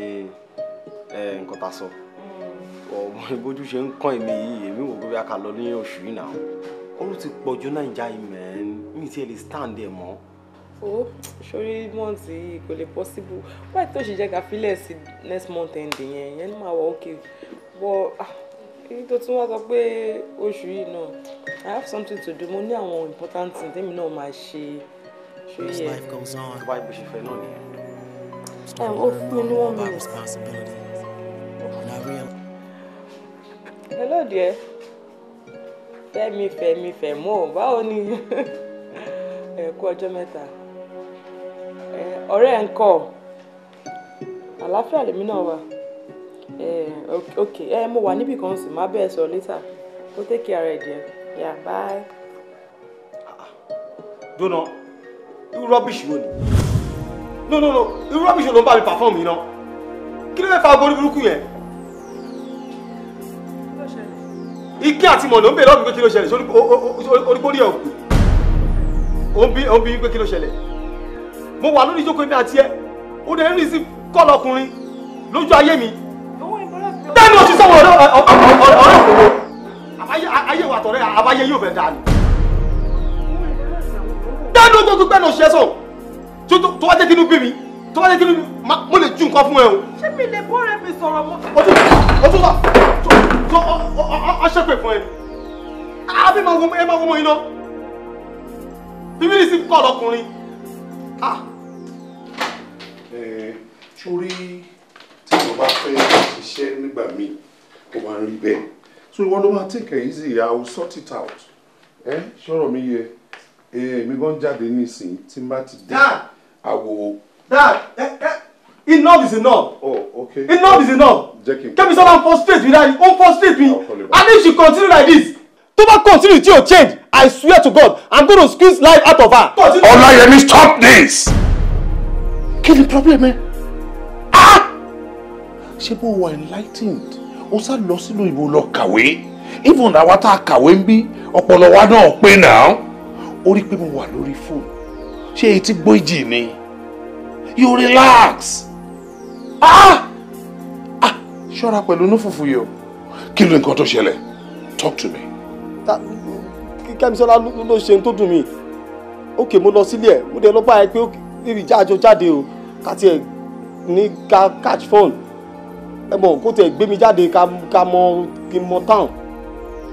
nǹkan ta sọ hmm. ọmọ ìbójú ṣe ń kàn èmi yìí èmi wò pé a kà lọ ní oṣù yìí náà ó ti pọ̀ jù Nàìjíríà yìí mẹ́ẹ̀ẹ́n mi ti ẹ̀ lè stand ẹ̀ mọ́ ó sórí month yìí kò lè possible why tó ṣe jẹ́ ká filẹ̀ sí next month end yẹn yẹn ni màá wọ ok but ah, èyí tó tún wá sọ pé oṣù yìí náà i have something to do mo ní àwọn important thing tèmi náà máa ṣe ṣe yẹ. tó bá ìgbésẹ̀ fẹ́ náà nìyẹn. ẹ ó fún mi ní one minute. hello dear fẹ́mi fẹ́mi fẹ́mọ́ báwo ni (laughs) ẹ ọjọ́ mẹ́ta ọ̀rẹ́ ẹ̀ ń kọ́ àlàáfíà lèmi náà wà ẹ mo wà níbì kan sì má bẹ́ẹ̀ sọ létà ó tẹ́kì ara ẹ̀ díẹ̀ yà báyìí. jóná irú rọ́bìṣì wo ni no no no irú rubbish. wo ló ń bá mi pàfọ́ọ̀mù yìí náà kí ló fẹ́ fa agorí burúkú yẹn. ike àti mọ̀nà ń bèèrè lọ́mí pé kí ló ṣẹlẹ̀ sórí orí orí òkú òun bí pé kí ló ṣẹlẹ̀ mo wà lórí ìjókòó mi àti ẹ ó dẹ̀ ń rìn sí kọ́ọ̀lù ọkùnrin lójú ayé mi. tẹ́lẹ̀ mo ti sọ̀rọ̀ ọ̀rẹ́ òkòwò ayé wa tọ̀rẹ́ àbáyé yóò fẹ́ dáa ni. tẹ́lẹ̀ mo tó gbẹ́nu ṣe sọ tó wá jẹ́ kí inú bí mi tó wá jẹ́ kí inú mo lè ju nǹkan fún ẹ o. ṣé mi lè bọ́ rẹ mi sọ̀rọ̀ mọ́. o tún o tún wà tó ọ ṣẹ́pẹ̀ fún ẹ àbí ẹ máa wọ́n mọ́ yín lọ bíbélì sì kọ́ ọ̀lọ́kùnrin. Ah sórí tí wọ́n bá fẹ́ ṣiṣẹ́ nígbà míì ó máa ń rí bẹ́ẹ̀ so ìwọ ló máa take it easy I will sort it out ẹ ṣọ́rọ̀ mi yẹ èmi gan jáde nísìnyí tí n bá ti dé àwò. dad ẹ enough is enough. oh okay enough is enough. jẹ́ kí n. kẹ́mi sábà ń frustrate with her ó ń frustrate me and if she continue like this tó bá continue tí o change I swear to God I'm gonna squeeze life out of her. ọláyẹmí stop this kí ni problem ẹ ah! ṣé bó wà enlightened ó sá lọ sílùú ìbò lọ kàwé even àwa tá a kàwé ń bí ọpọlọ wa náà pé náà ó rí pé mo wà lórí fóònù ṣé èyí tí gbójì ni you relax ah ah ṣọ́ra pẹ̀lú inú fùfù yìí o kí ló nǹkan tó ṣẹlẹ̀ talk to me. kí kẹ́mi sọ́lá ló ṣe ń tó dùn mí ókè mo lọ sílé ẹ̀ mo dẹ̀ lọ bá ẹ pé ókè níbi àjọ jáde o ká tiẹ̀ ní ká catch phone ẹ mọ̀ kó tiẹ̀ gbé mi jáde ká mọ kí n mọ town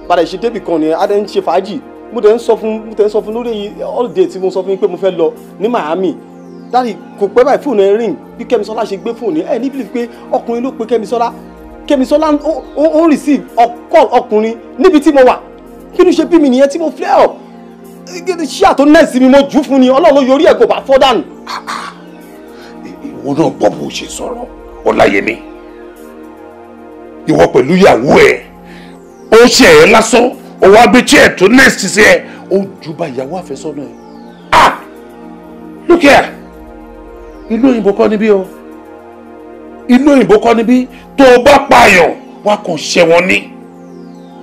padà ṣe débì kan nìyẹn adé ń ṣe fàájì mo tẹ̀ ń sọ fún mo tẹ̀ ń sọ fún lórí holiday tí mo sọ fún yín pé mo fẹ́ lọ ní Miami dáàdi kò pẹ́ báyìí fóònù ẹ ring bí Kẹ́misọ́lá ṣe gbé fóònù ẹ níbi pé ọkùnrin ló pe Kẹ́misọ́lá Kẹ́misọ́lá ó ń receive call ọkùnrin níbi tí mo wà kí ló ṣe bí mi nìyẹn tí mo flare up ṣíà tó nẹ́ẹ̀sì mi mo jù fún ni ọlọ́run ló yorí ẹ̀ kò bá fọ́ dànù. ìwọ náà gbọ́ bó ṣe sọ̀rọ̀ ọláyẹmí ìwọ pẹ̀lú ìyàwó ẹ̀ ó ṣe ẹ̀ lásán òun abẹ́tí ẹ̀ tó nẹ́ẹ̀sì sí ẹ̀ ó ju bá ìyàwó àfẹ́sọ́nà ẹ̀. ah look here ìlú òyìnbó kọ́ níbí o ìlú òyìnbó kọ́ níbí tó o bá pààyàn wá kàn ṣẹ̀wọ̀n ni.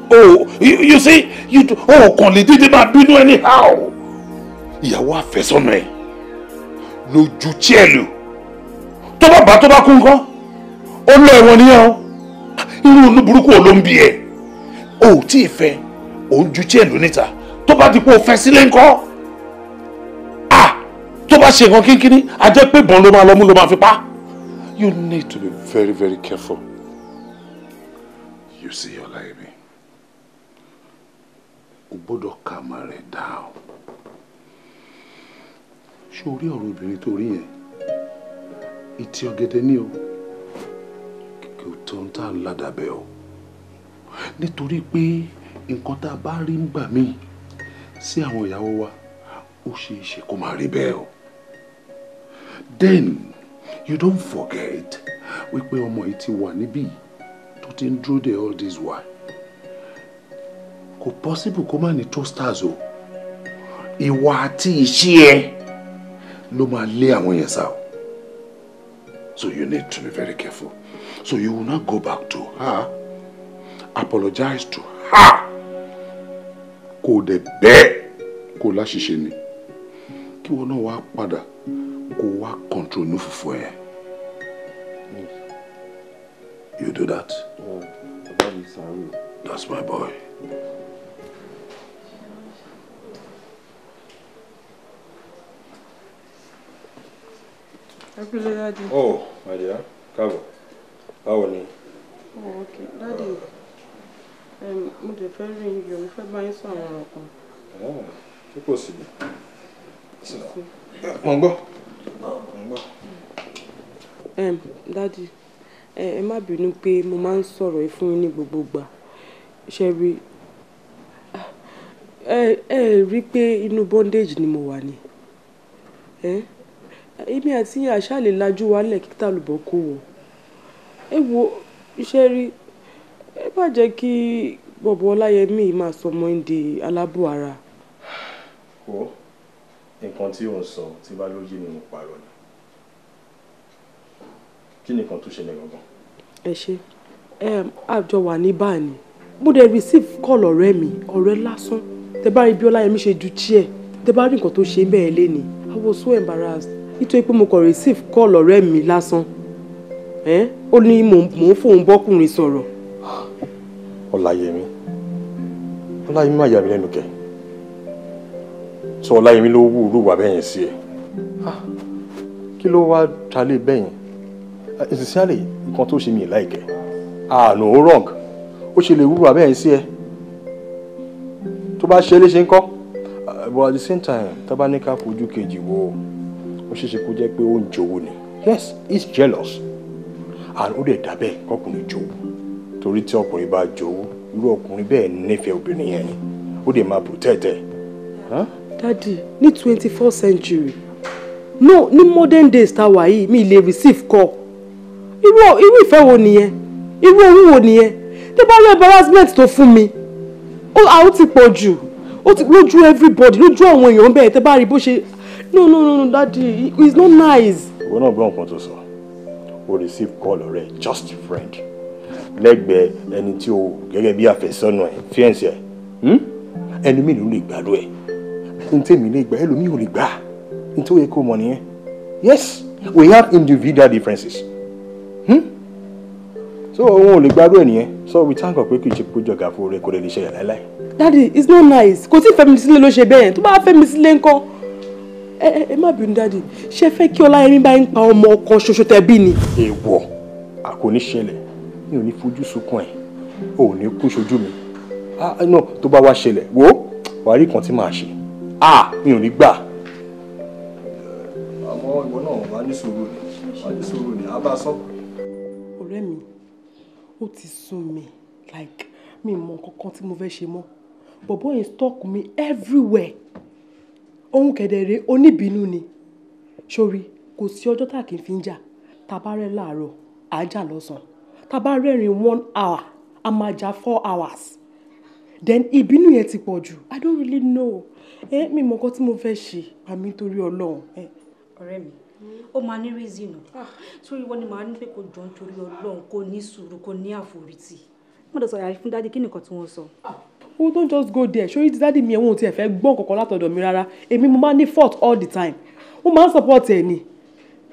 Oh, you, you see you do o oh, kàn lè dédé máa bínú anyhow ìyàwó àfẹ́sọ́nà ẹ̀ lójú chẹ́ẹ̀lù tó bá bá tó bá kú nǹkan ó lọ ẹ̀wọ̀n nìyẹn o irú inú burúkú ò ló ń bí ẹ o ò tí ì fẹ́ òun ju chẹ́ẹ̀lù níta tó bá di pé o fẹ́ sílé ńkọ́ à tó bá ṣe nǹkan kínkínní a pé bọ́n ló máa lọ mú ló máa fi pa. you need to be very very careful you see Ọláyẹmí o gbọ́dọ̀ kàmọ́ rẹ̀ dáhùn ṣé o rí ọ̀rọ̀ obìnrin tó rí yẹn ìtì ọ̀gẹ̀dẹ̀ ni o kìkì ò tó ń tà ń ládàbẹ̀ o nítorí pé nǹkan tá a bá rí ń gbà míì sí àwọn ìyàwó wa ó ṣe é ṣe kó máa rí bẹ́ẹ̀ o then you don't forget wípé ọmọ yìí ti wà níbí tó ti ń dúró de all this while kò possible kó má ní toasters o ìwà àti ìṣe ẹ ló máa lé àwọn yẹn sá o so you need to be very careful so you will not go back to her apologize to her kó o dẹ̀ bẹ́ẹ̀ kó o láṣìṣe ni kí wọn náà wá padà kó wá control inú fufu ẹ you do that. Yeah, That's my boy. ẹ kúlẹ̀ oh my dear káàbọ̀ báwo ni. oh ok dáàdì mo dẹ̀ fẹ́ rí iye mo fẹ́ bá yín sọ àwọn ọ̀rọ̀ kan. Oh, ṣé kò sí mo ń gbọ́ mo ń gbọ́. dáàdì ẹ má bínú pé mo máa ń sọ̀rọ̀ ẹ fún yín ní gbogbo ìgbà ṣe rí ah, ẹ rí pé inú bondage ni mo wà ni. Eh? èmi àti àṣà lè lajú wálẹ̀ kí tàlùbọ̀ kó wọ̀ ẹ wo iṣẹ́ rí ẹ má jẹ́ kí bọ̀bọ̀ ọláyẹmí máa sọ ọmọ ń di alábò ara. wo nǹkan tí ò ń sọ tí bá ló ni mo parọ́ ni kí ni nǹkan tó ṣẹlẹ̀ gangan. ẹ ṣe àjọ wà ní báàní mo dẹ̀ receive call ọ̀rẹ́ mi ọ̀rẹ́ lásán tẹ bá rí bí ọláyẹmí ṣe ju chair tẹ bá rí nǹkan tó ṣe bẹ́ẹ̀ lé ni i was so embarrassed nítorí pé mo kàn receive call ọ̀rẹ́ mi lásán ó ní mò ń fóun bọ́kùnrin sọ̀rọ̀. ọláyẹmí ọláyẹmí máa yà mí lẹ́nu kẹ́ sọ ọláyẹmí ló wú irú ìwà bẹ́yẹn sí ẹ kí ló wá talé bẹ́yẹn ìsinsìnyálẹ̀ nǹkan tó ṣe mí láìkẹ́ àánú ó wrong ó ṣe lè wú ìwà bẹ́yẹn sí ẹ tó bá ṣe é léṣe ń but at the same time tá a bá ní fojú kejì wò ó ṣeéṣe kó jẹ́ pé ó ń jowó ni yes he's jealous and ó dẹ̀ dábẹ́ kọkùnrin jowó torí tí ọkùnrin bá jowó irú ọkùnrin bẹ́ẹ̀ nífẹ̀ẹ́ obìnrin yẹn ni ó dẹ̀ máa protect ẹ̀. dadi ní twenty four century no ní modern days tá a wà yìí mi lè receive call irú irú ìfẹ́ wo nìyẹn irú owó wo nìyẹn tí bá rí embarrassment tó fún mi ó ti pọ̀ jù ó ti lójú everybody lójú àwọn èèyàn bẹ́ẹ̀ tẹ́ bá rí bó ṣe no no no no daddy it's not nice. We're not going nǹkan tó sọ o receive call already. just friend lẹ́gbẹ̀ẹ́ ẹni tí o gẹ́gẹ́ be a person, fíẹ̀nsì ẹ̀ hmm? ẹni mi ló lè gbàdú ẹ̀ n tèmi lè gbà ẹlòmíì ò lè gbà n tó yẹ kó mọ̀ nìyẹn yes we have individual differences hmm? so òun ò lè so we thank God we kì í ṣe péjọ gàfó rẹ kò lè lè ṣe daddy it's not nice Because if fẹ́mi sílẹ̀ ló ṣe bẹ́ẹ̀ tó bá fẹ́mi sílẹ̀ ńkọ́ ẹ ẹ má bínú dáàdi ṣé fẹ́ kí ọláyẹmí bá ń pa ọmọ kan ṣoṣo tẹ bí ni. èèwọ̀ a kò ní ṣẹlẹ̀ mi ò ní fojú sunkún ẹ̀ o ò ní kú ṣojú mi náà tó bá wá ṣẹlẹ̀ wo wàá rí kan tí màá ṣe a mi ò ní gbà. àmọ́ ìwọ náà wàá ní sùúrù ni wàá ní sùúrù ni a bá sọ. ọ̀rẹ́ mi ó ti sún mi like mi mọ nǹkan kan tí mo fẹ́ ṣe mọ́ bọ̀bọ́ yẹn stalk mi everywhere ohun kẹ̀dẹ̀rẹ́ oníbínú ni sórí kò sí ọjọ́ tá a kì í fi ń jà tàbá rẹ̀ láàárọ̀ à ń jà lọ́sàn-án tàbá rẹ́rìn one hour a máa jà four hours then ìbínú yẹn ti pọ̀ jù i don't really know ẹ mi mọ nǹkan tí mo fẹ́ ṣe àmì torí ọlọ́run. ọ̀rẹ́ mi ó máa ní reason o ah, sórí wọn ni màá ní pé kò jọ nítorí ọlọ́run kò ní sùúrù kò ní àforítì mo dọ̀ sọ̀rọ̀ àrífín dájú kí nìkan tí wọ́n sọ. Ah, oh don't just go there ṣé orí ti dáàdì mi ẹ̀wọ̀n ti ẹ̀ fẹ́ gbọ́n kankan látọ̀dọ̀ mi rárá èmi mo máa ní fault all the time wọ́n máa ń support ẹ̀ ni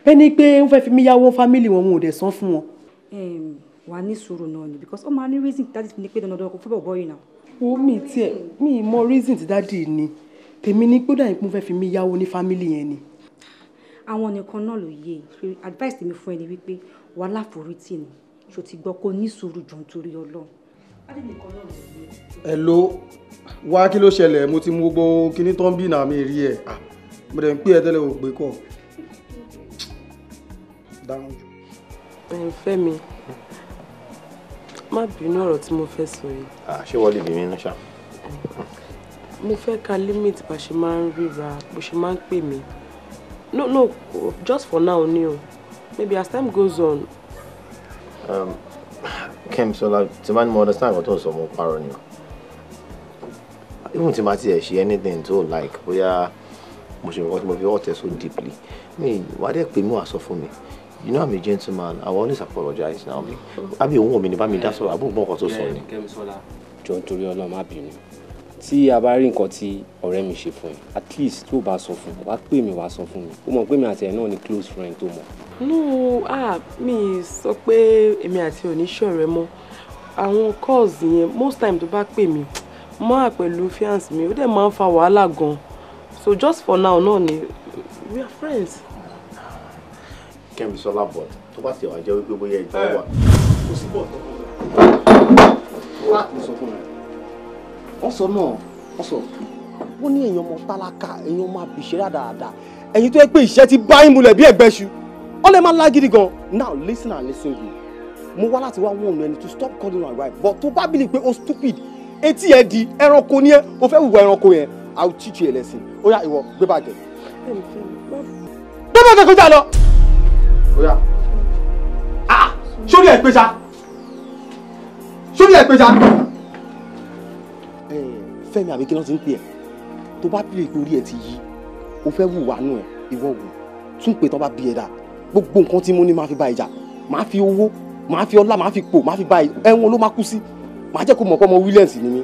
bẹ́ẹ̀ ni pé wọ́n fẹ́ fi mí yáwó family wọn wọn ò dẹ̀ san fún wọn. wà á ní sùúrù náà ni because ó máa ní reason tí dáàdì ti ní pé dandan kò fẹ́ bọ̀ yìí náà. wo mi tiẹ̀ mi mọ reason tí dáàdì ni tèmi ni gbọ́dọ̀ yìí pé wọ́n fẹ́ fi mí yáwó ní family yẹn ni. àwọn nìkan náà ló yé advice tèmi fún ẹni wípé wàá láforítì ni ṣò ti gbọ́ kó ní sùúrù jọ̀ọ́ nítorí ọlọ́run ẹ ló wá kí ló ṣẹlẹ̀ mo ti mú gbogbo kíní tó ń bì náà mi rí ẹ̀ mo dẹ̀ ń pè ẹ́ tẹ́lẹ̀ ò gbé kọ̀ dáhùn jù. ẹ̀yin Fẹ́mi má bínú ọ̀rọ̀ tí mo fẹ́ sọ yìí. ṣé wọ́n lè bí mi nú ṣá. mo fẹ́ ka limit bá ṣe máa ń ríra bó ṣe máa ń pè mí no no just for now ni o maybe as time goes on. Um, Kem so tí máa ní mo understand nǹkan tó ń sọ mo parọ́ even tí máa tiẹ̀ she anything tó like we are, ṣe nǹkan tí mo so deeply mi wà á dẹ̀ pé mú àsọ fún mi you know i'm a gentleman i always apologize now mi àbí òun ò mi ní bá mi dá sọ̀rọ̀ àbúrò mọ́ ọkọ̀ tó sọ ni. Kem Sola jọ nítorí Ọlọ́run má tí a bá rí nǹkan tí ọ̀rẹ́ mi ṣe fún ẹ at least tó bá sọ fún wa pè mí wá sọ fún mi ó mọ̀ pé mi àti ẹ̀ náà ni close friend tó mọ̀. no ah mi sọ pé èmi àti oníṣọ̀rẹ́ mọ́ àwọn calls yẹn most time tó bá pè mí mọ́ àpẹ̀lú fiance mi ó dẹ̀ máa ń fa wàhálà gan so just for now náà ni we are friends. kẹ́mi sọlá bọ̀ tó bá ti wà jẹ́ wípé bóyá ìjọba wà kò sí bọ̀ tó kọ́ ọ́ sọ fún mi wọ́n sọ náà wọ́n sọ wọ́n ní èèyàn ọmọ tálákà èèyàn ọmọ àbìṣẹ́rà dáadáa ẹ̀yin tó yẹ pé ìṣẹ́ ti bá yín mulẹ̀ bí ẹ̀gbẹ́ṣu ó lè má lágídí gan now listen and listen me. mo wá láti wá wọ́n ẹni to stop calling my wife but tó bá bìlì pé o stupid etí ẹ di ẹranko ni ẹ o fẹ́ wùwọ ẹranko yẹn i will teach you a lesson ó yá ìwọ gbé bàgẹ́ gbé bàgẹ́ kó jà lọ ó yá ah sórí ẹ̀ pé sa sórí ẹ̀ pé sa fẹ́mi àbí kí ló ti ń pè ẹ́ tó bá bìrì pé orí ẹ ti yí o fẹ́ wùwà nù ẹ ìwọ wù tún pé tán bá bí ẹ dà gbogbo nǹkan tí mo ní máa fi bá ìjà máa fi owó máa fi ọlá máa fi pò máa fi bá ẹ̀wọ̀n ló máa kú sí máa jẹ́ kó mọ̀ kọ́ ọmọ Williams ni mí.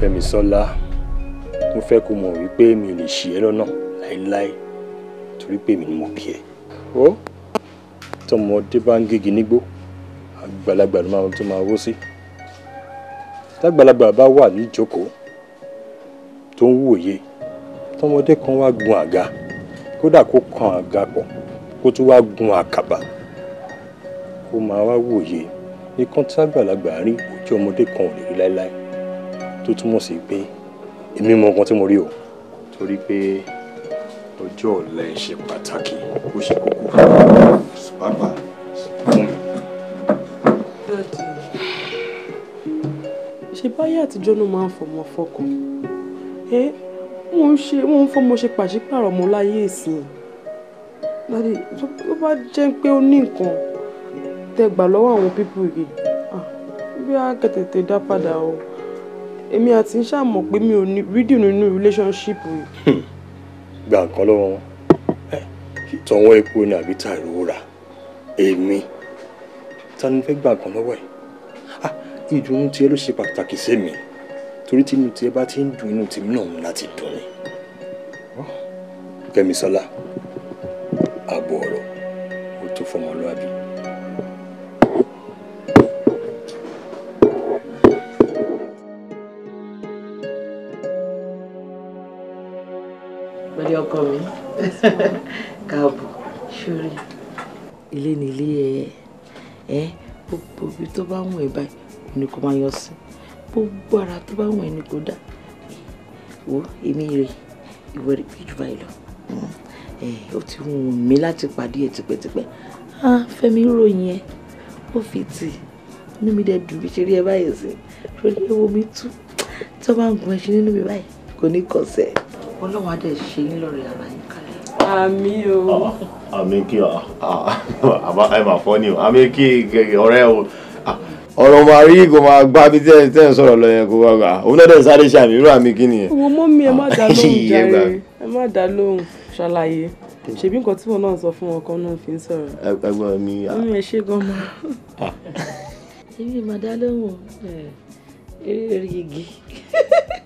Fẹ́misọ́lá mo fẹ́ kó mọ̀ wípé mi lè ṣì ẹ́ lọ́nà láéláé torí pé mi ni mo bí ẹ. ó tọmọdé bá ń gégi nígbó àgbàlagbà ló máa tó máa wó sí tágbàlagbà bá wà níjókòó tó ń wòye tọmọdé kan wá gun àga kódà kó kan àga pọ̀ kó tún wá gun àkàbà kó máa wá wòye nǹkan tágbàlagbà rí ojú ọmọdé kan ò lè rí láéláé tó túmọ̀ sí pé èmi mọ nǹkan tí mo rí o torí pé ọjọ́ ọ̀la ẹ̀ ṣe pàtàkì ó ṣe kókó pápá fún mi. ṣe báyé àtijọ́ ló máa ń fọmọ fọkàn ẹ mo ń ṣe mo ń fọmọ ṣe pàṣípàrọ̀ ọmọ láyé ìsìn láti tó bá jẹ́ pé ó ní nǹkan tẹ́ gbà lọ́wọ́ àwọn pípù yìí bí a kẹ̀tẹ̀tẹ̀ dá padà o èmi àti ń ṣàmọ̀ pé mi ò ní rídìí nínú relationship yìí. Hmm. gba nǹkan lọ́wọ́ wọn ìtọ́wọ́ epo ni àbí ta ìrora èmi ta ni fẹ́ gba nǹkan lọ́wọ́ ẹ̀ ìdùnnú tiẹ̀ ló ṣe pàtàkì sẹ́mi torí tí inú tiẹ̀ bá ti ń dùn inú tèmi náà láti dùn ni. Kẹ́misọ́lá àbọ̀ ọ̀rọ̀ ó tó fọmọlúwàbí. káàdì ọkọ mi (laughs) káàbọ̀ ṣúrí. ilé ni ilé ẹ ẹ gbogbo ibi tó bá wùn ẹ báyìí ni kò máa yọ sí gbogbo ara tó bá wùn ẹ ni kò dá wo èmi rè ìwọ rè bí jù báyìí lọ ó ti wù mí láti pàdé ẹ tipẹ́tipẹ́ fẹ́mi ròyìn ẹ ó fi tì inú mi dẹ̀ dùn bí ṣe rí ẹ báyìí sí torí ewo mi tú tó bá ń gun ẹṣin nínú mi báyìí kò ní kọsẹ̀ ọlọ́run á dẹ̀ ṣe yín lọ́rẹ̀ ara yín kalẹ̀. àmì o. àmì kí ẹ máa fọ́ ni o àmì kí ọ̀rẹ́ o ọ̀rọ̀ màrí kò máa gbá bí tẹ́ tẹ́ ń sọ̀rọ̀ lọ́yẹn kó wá gbà òun lọ́dẹ̀ sáré ṣàmì irú àmì kí nìyẹn. wo mọ́ mi ẹ má dá lóhùn (laughs) jàre ẹ má dá lóhùn ṣàlàyé ṣèbí nǹkan tí wọn náà sọ fún ọkọ náà fi ń sọ̀rọ̀. ẹ̀gbọ́n mi. omi ẹ ṣe gan èmi ì má dá lóhùn eré igi. (laughs)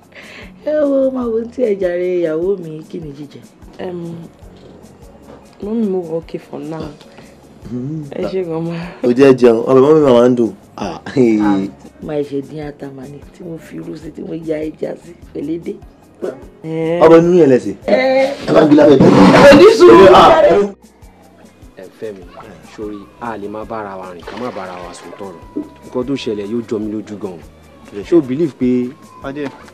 ẹ wo máa wo tí ẹ jàre ìyàwó mi kí ni jíjẹ. mọ́mí mo wọ òkè for now ẹ ṣe gan ma. o jẹ jẹun ọbẹ̀ mọ́mí màmá ń dùn. Ah, ah, máa ṣe dín àtàmánì tí mo fi irú sí tí mo ya ẹja sí pẹ̀lẹ́dẹ́ eh. ọbẹ̀ nínú yẹn lẹ́sẹ̀. Eh. ẹ bá ń gbilá bẹ́ẹ̀ ẹ ní sùúrù eh, ah. ẹ fẹ́ mi sórí a lè má bára wa rìn ká má bára wa sòtọ̀rọ̀ nǹkan tó ṣẹlẹ̀ yóò jọ mí lójú gan-an ṣó believe pé.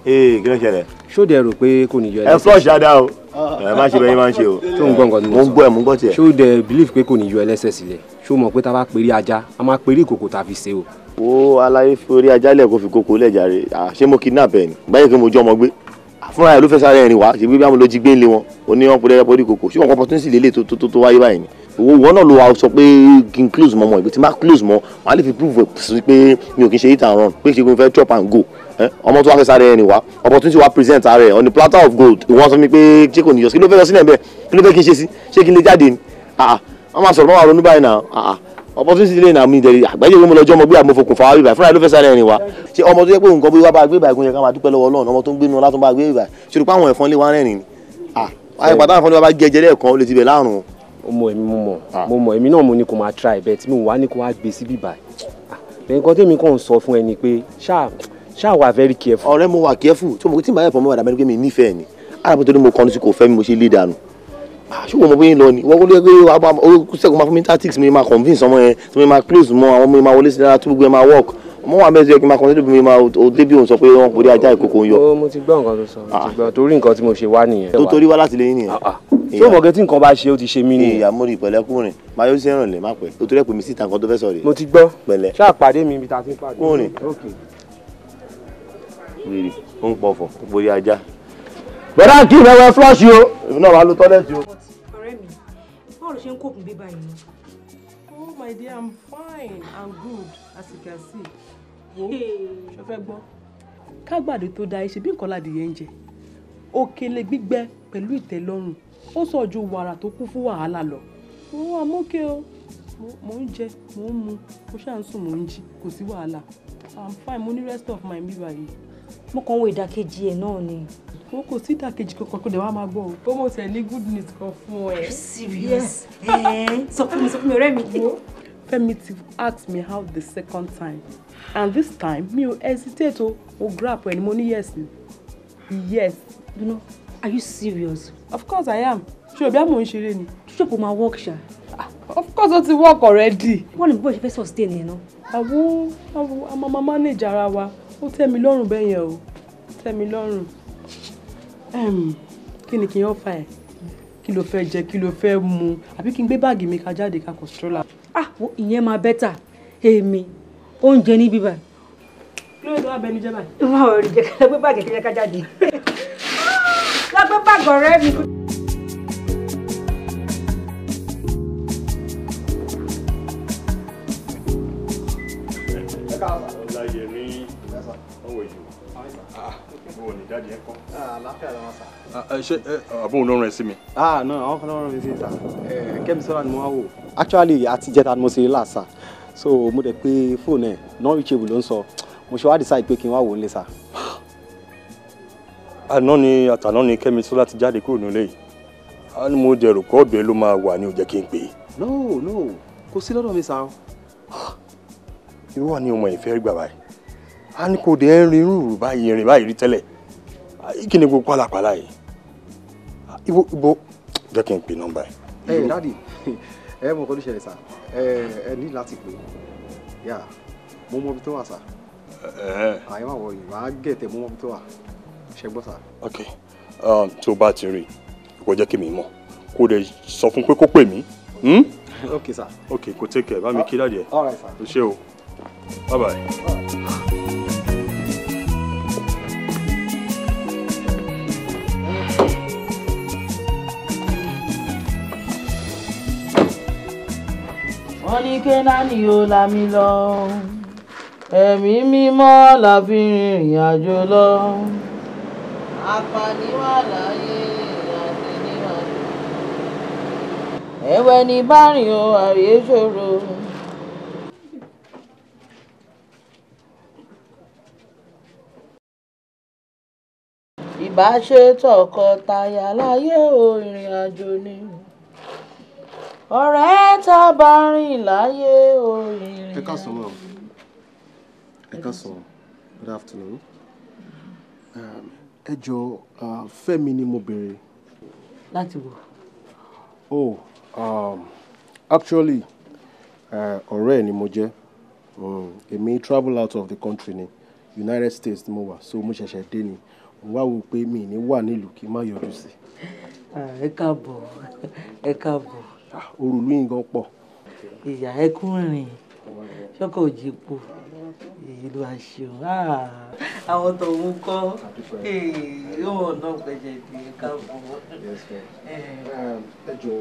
ee kí ló ń ṣẹlẹ̀. ṣó dẹ rò pé kò ní yọ ẹlẹ́sẹ̀. ẹ flush dáadáa o ah. ẹ má ṣe bẹ́ẹ̀ máa ń ṣe o. tó ń gbọ́ nǹkan tó ń sọ mo ń gbọ́ ẹ mo ń gbọ́ tiẹ̀. ṣó dẹ believe pé kò ní yọ ẹlẹ́sẹ̀ sílẹ̀ ṣó mọ̀ pé tá a bá pèrè ajá a máa pèrè ìkòkò tá a fi ṣe o. wo aláyé fi orí ajá lẹ̀ kó fi kókó lẹ̀ jàre ṣé mo kidnap ẹ ni báyìí kí mo jọ ọmọ gbé fúnra ẹ̀ ló fẹ́ sáré ẹ̀rìn wá ṣèbí bí àwọn olójì gbé ń lé wọn oní wọn pẹ̀lẹ́ pẹ̀lú ìkòkò ṣé wọn kọ́ lélẹ̀ tó tó wáyé báyìí ni owó wọn náà ló wa sọ pé kí n close mọ́ mọ́ ìgbé tí close mọ́ wọn á lè fi prove pé mi ò kí n ṣe hit and run pé ṣe kí n fẹ́ chop and go ọmọ tó wá fẹ́ sáré ẹ̀rìn wá opportunity wa present ara on the platter of gold ìwọ́n sọ mi pé ṣé kò níyọ̀ kí ló fẹ́ lọ sílẹ̀ bẹ́ẹ̀ kí ló fẹ́ kí n ṣe sí ṣé kí n lè jáde ni wọ́n máa sọ̀rọ̀ máa ronú báyìí náà opportunity lè nà mí dẹ̀rí àgbáyé ìwé mo lọ́jọ́ ọmọ gbé àmọ́ fokùn fàwa bíbà fúnra ló fẹ́ sáré ẹ̀rìn wa ṣé ọmọ tó yẹ pé nǹkan bí wàá bá gbé ìbà ìkúnyẹ ká máa dúpẹ́ lọ́wọ́ Ọlọ́run ọmọ tó ń gbé nu látún bá gbé ìbà ṣòro pé àwọn ẹ̀fọn lè wá rẹ̀rìn ni àyè pàtàkì àfọ̀n ni bá gé ẹjẹ lẹ́ẹ̀kan ó lè ti bẹ̀ láàrùn. mo mọ mo mọ èmi náà mo ní kò máa try bẹ́ẹ̀ tí wà ní kò wá gbé sí bíbà ṣáà wà very careful. ọ̀rẹ́ mo wà careful tí mo ti máa yẹ̀ fún wà dàbẹ́ pé mi nífẹ̀ẹ́ ni àràbọ̀ tó ní mo kọ́ni sí kò fẹ́ mi mo ṣe lé dànù Ah, ṣé wọn mọ bóyá lọ ni wọn kó lé pé orúkú sẹ́kùn máa fún mi tactics mi máa convince ọmọ yẹn tí mo máa close mọ àwọn ọmọ yẹn máa wọlé sí dára tí gbogbo yẹn máa work ọmọ wa bẹ́ẹ̀ sọ kí n máa kọ́ síbi mi máa o débi òun sọ pé wọn kò rí ajá ìkókó yọ. mo ti gbọ́ nǹkan tó sọ mo ti ah. gbọ́ torí nǹkan tí mo ṣe wá nìyẹn. tó torí wá láti lè yín nìyẹn. Ah, tí òmò nǹkan bá ṣe ó ti ṣe mí nìyẹn. ìyá mo rí ìpẹ̀lẹ́ máa yọ sí ẹ̀ràn má pẹ́ o torí ẹ̀ pè mí síta nǹkan tó fẹ́ sọ rèé. mo ti gbọ́ pẹ̀lẹ́. ṣáà pàdé mi ibi tá a ti pàdé. kúrin ó ń pọ̀fọ̀ borí ajá bọ́dá kí ìrẹ́ wẹ flush o èmi náà wà ló tọ́lẹ̀tì o. ọ̀rẹ́ mi báwo ló ṣe ń kó oh my dear i'm fine and good as you can see. wo ṣe fẹ́ gbọ́. kágbàdo da iṣẹ́ bí nǹkan ládìyẹ ń jẹ òkèlè gbígbẹ pẹ̀lú ìtẹ́lọ́rùn ó sọ wara to tó kún fún wàhálà lọ. mo mo mo mu mo i'm fine mo rest of my wọn kò sí ìdàkejì kankan kó dẹ̀ wá máa gbọ́ o ó mọ̀ sẹ́ ní good news kan fún ẹ. serious (laughs) eh? sọ fún mi sọ fún mi ọ̀rẹ́ mi wo. Femi ti ask me how the second time and this time mi ò hesitate o mo grab ẹni mo ní yes ni yes. you know are you serious. of course i am ṣé òbí àmọ̀ ń ṣeré ni. ṣíṣọ́pù máa work ṣá. Ah, of course ó ti work already. wọ́n ní bó ṣe fẹ́ sustain ẹ̀ náà. àwọn àwọn a máa manage ara wa ó tẹ́ mi lọ́rùn bẹ́ẹ̀ o tẹ́ mi lọ́rùn kí ni kí n yọ fà ẹ kí ló fẹ́ jẹ kí ló fẹ́ mu àbí kí n gbé báàgì mi ká jáde ká kò stroller. ah ìyẹn máa bẹ́tà èmi oúnjẹ ní bíbá. kí ló ń lọ abẹnú jẹ báyìí. wọn ò rí jẹ kí lọ gbé báàgì kí n yẹ ká jáde lọ gbé báàgì ọ̀rẹ́ mi. casa. actually àtijẹ́ta ni mo ṣe là so mo dẹ̀ pé fóònù ẹ̀ non reachable ló ń sọ mo ṣe wá decide pé kí n wá wò ó lé (gasps) ni àtàná ni kẹ́mi sọ́ra ti jáde kúrò nílé yìí a mo dẹ̀rù kọ́ ọ̀dọ̀ ẹ ló máa wà ní ó jẹ́ kí n no no kò sí lọ́dọ̀ mi sà o. (gasps) ni ọmọ ìfẹ́ gbà báyìí a ní kò dé rin irú báyìí rìn báyìí rí tẹ́lẹ̀ kí ni gbogbo pálapàla yìí ibo ibo jẹ́ kí n pè nọ́mbà yìí. ẹ dáàdi (laughs) ẹ mọ nǹkan tó ṣẹlẹ̀ sá ẹ ẹ ní láti pè yà mo mọ ibi tó wà sá àyè máa wọ yìí máa gẹ̀tẹ̀ mo mọ ibi tó wà ṣe gbọ́ sá. ok tí o bá ti rí kò jẹ́ kí mi mọ̀ kó dẹ̀ sọ fún pé kó pè mí. Hmm? (laughs) ok sa ok kò tẹ́kẹ̀ bá mi kí dáàdi ẹ̀. all right sá. o ṣé bye bye. ní Kénáánì ó là lọ ẹ̀mí mímọ́ la fi rìnrìn àjò lọ. apani wà láyé àti níwájú. ẹ̀wẹ̀ ní bá rìn o àríyé ṣòro. ìbáṣe tọkọtaya láyé o ìrìn àjò ni ọ̀rẹ́ tá a bá rìn láyé orin rìn. ẹ káàsán mọ ẹ káàsán good afternoon um, ẹ jọ uh, Fẹ́mi ni mo béèrè. láti wò. oh um, actually uh, ọ̀rẹ́ uh, ni mo jẹ́ um, èmi mm. travel out of the country ni United States ni mo wà so mo ṣẹ̀ṣẹ̀ dé ni mo wá wò pé mi ní wà nílùú kí n má yọjú sí. Ah, ẹ káàbọ̀ ẹ káàbọ̀. Ah, òrùlú yìí gan pọ̀. ìyá ẹkúnrin ṣọkọ òjìpo èyí ló wá ṣeun ah, àwọn tó ń kọ yóò náà gbẹjẹ di káàbọ̀. ẹ jọ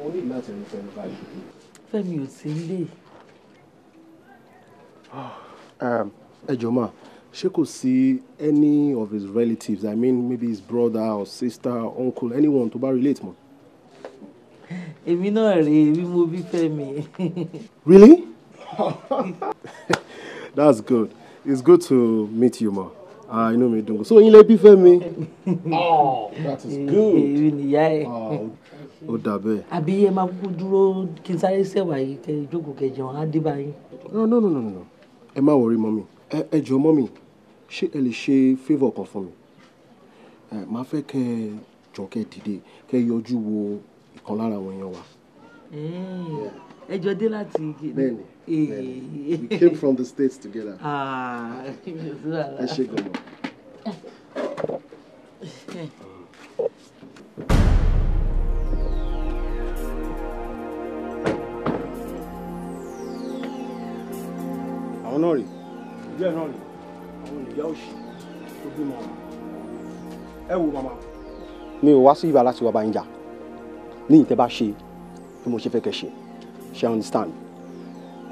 ó um, ní láti rí fẹmi báyìí. fẹmi ò sí nílé. Ah, um, ẹ jọ máa ṣé kò sí any of his relatives i mean maybe his brother or sister or uncle anyone tó bá relate mọ́ èmi náà rèé bí mo bí Fẹ́mi. Really? (laughs) That's good. It's good to meet you ma. Ah, inú mi dùn. So yín lè bí Fẹ́mi. Oh, that is good. Èmi nìyá ẹ̀. Ó dà bẹ́ẹ̀. Àbí ẹ máa kúkú dúró kí n sáré sẹ̀wà yìí kẹ́ ìjókòó kẹjọ á dé báyìí. No no no no no. Ẹ má wọrí mọ́mì. Ẹ jọ mọ́mì, ṣé ẹ lè ṣe favour kan fún mi? Màá fẹ́ kẹ́ ẹ jọ kẹ́ ẹ dìde kẹ́ ẹ yọjú wo ọ̀kan lára àwọn èèyàn wa. Mm. ẹ jọ dé láti. bẹ́ẹ̀ni we came from the states together. Ah, (laughs) ẹ ṣe gbọmọ. àwọn náà rè ìjọ náà rè àwọn ìyá òṣì tó bímọ ẹ wò màmá. mi ò wá sí ibà láti wá bá yín jà ní ìtẹ́ bá ṣe bí mo ṣe fẹ́ kẹ́ ṣe ṣe understand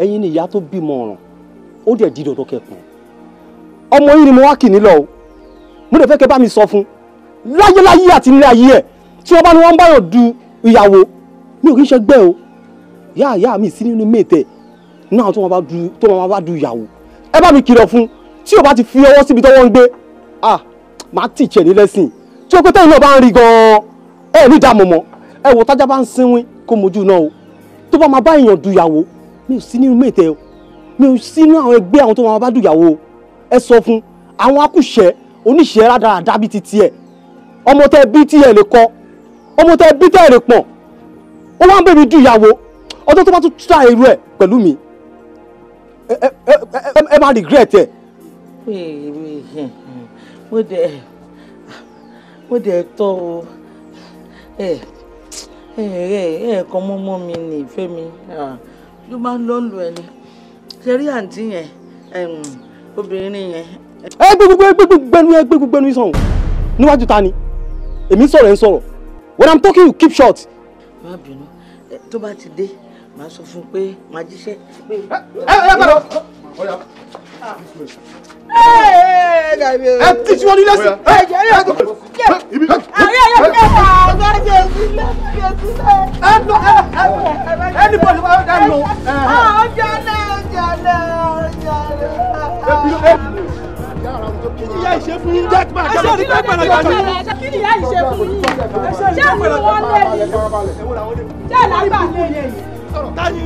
ẹ̀yin ni ìyá tó bímọ ọ̀ràn ó dẹ̀ di dandan kẹkùn ọmọ yìí ni mo wá kì nílọ o mo lè fẹ́ kẹ́ bá mi sọ fún láyéláyé àti nílé ayé ẹ̀ tí wọ́n bá ní wọ́n ń báyọ̀ du ìyàwó mi ò kí ń ṣẹgbẹ́ o yáà yáà mi sí nínú mẹ́tẹ̀ náà tó máa bá du ìyàwó ẹ bá mi kìlọ̀ fún tí o bá ti fi ọwọ́ síbi tọ́wọ́ ń gbé ah màá tìjẹ́ ní lẹ́sìn tí o pé tẹ́yìn náà bá ń rí gan-an ẹ̀ ní ìdààmú mọ́ ẹ wò tájà bá ń sinwin kó mojú náà o tó bá máa bá èèyàn dùyàwó mi ò sí nínú mẹ́tẹ́ o mi ò sí nínú àwọn ẹgbẹ́ àwọn tó máa bá dùyàwó o ẹ sọ fún àwọn akúṣẹ̀ oníṣẹ́ rádaràdá bíi ti tiẹ̀ ọmọ tẹ bí tí ẹ lè kọ ọmọ tẹ bí tẹ lè pọ̀n ó wá ń bèbí dùyàwó ọjọ́ tó bá tún ta èrò ẹ̀ pẹ̀lú mi ẹ má regret ẹ. mo dẹ̀ mo dẹ̀ tọ́ o ẹ̀ẹ́rẹ́ ẹ̀ẹ̀kan mọ́mọ́ mi ní ìfẹ́ mi ló máa ń lọ́ọ̀lù ẹni ṣe rí àǹtí yẹn obìnrin yẹn. ẹ gbé gbogbo ẹ gbé gbẹnu ẹ gbé gbẹnu sàn o níwájú ta ni èmi sọ̀rọ̀ ẹ̀ ń sọ̀rọ̀ when i'm talking you keep short. má bínú tó bá ti dé màá sọ fún un pé màá jíṣẹ́. ẹ ẹ bá lọ ẹ ti tí wọn ní lẹsìn. ẹ jẹ ẹ yọ ibi. àyè yọ kí ẹ wà ọgá jẹ sílẹ jẹ sílẹ. ẹ lọ ẹ ẹ ẹ ní bọ́ọ̀lù ẹ ẹ lọ. ọjà náà ọjà náà ọjà náà. Ìyá ìṣe fún yín. Jẹ́ kí ẹ̀ṣẹ̀ ní lọ́dọ̀ ìjọba rẹ̀. Kí ni ìyá ìṣe fún yín? Ṣé àwọn ìwọlé yìí? Ṣé àlágbà lè yẹ yìí? sọ̀rọ̀. tani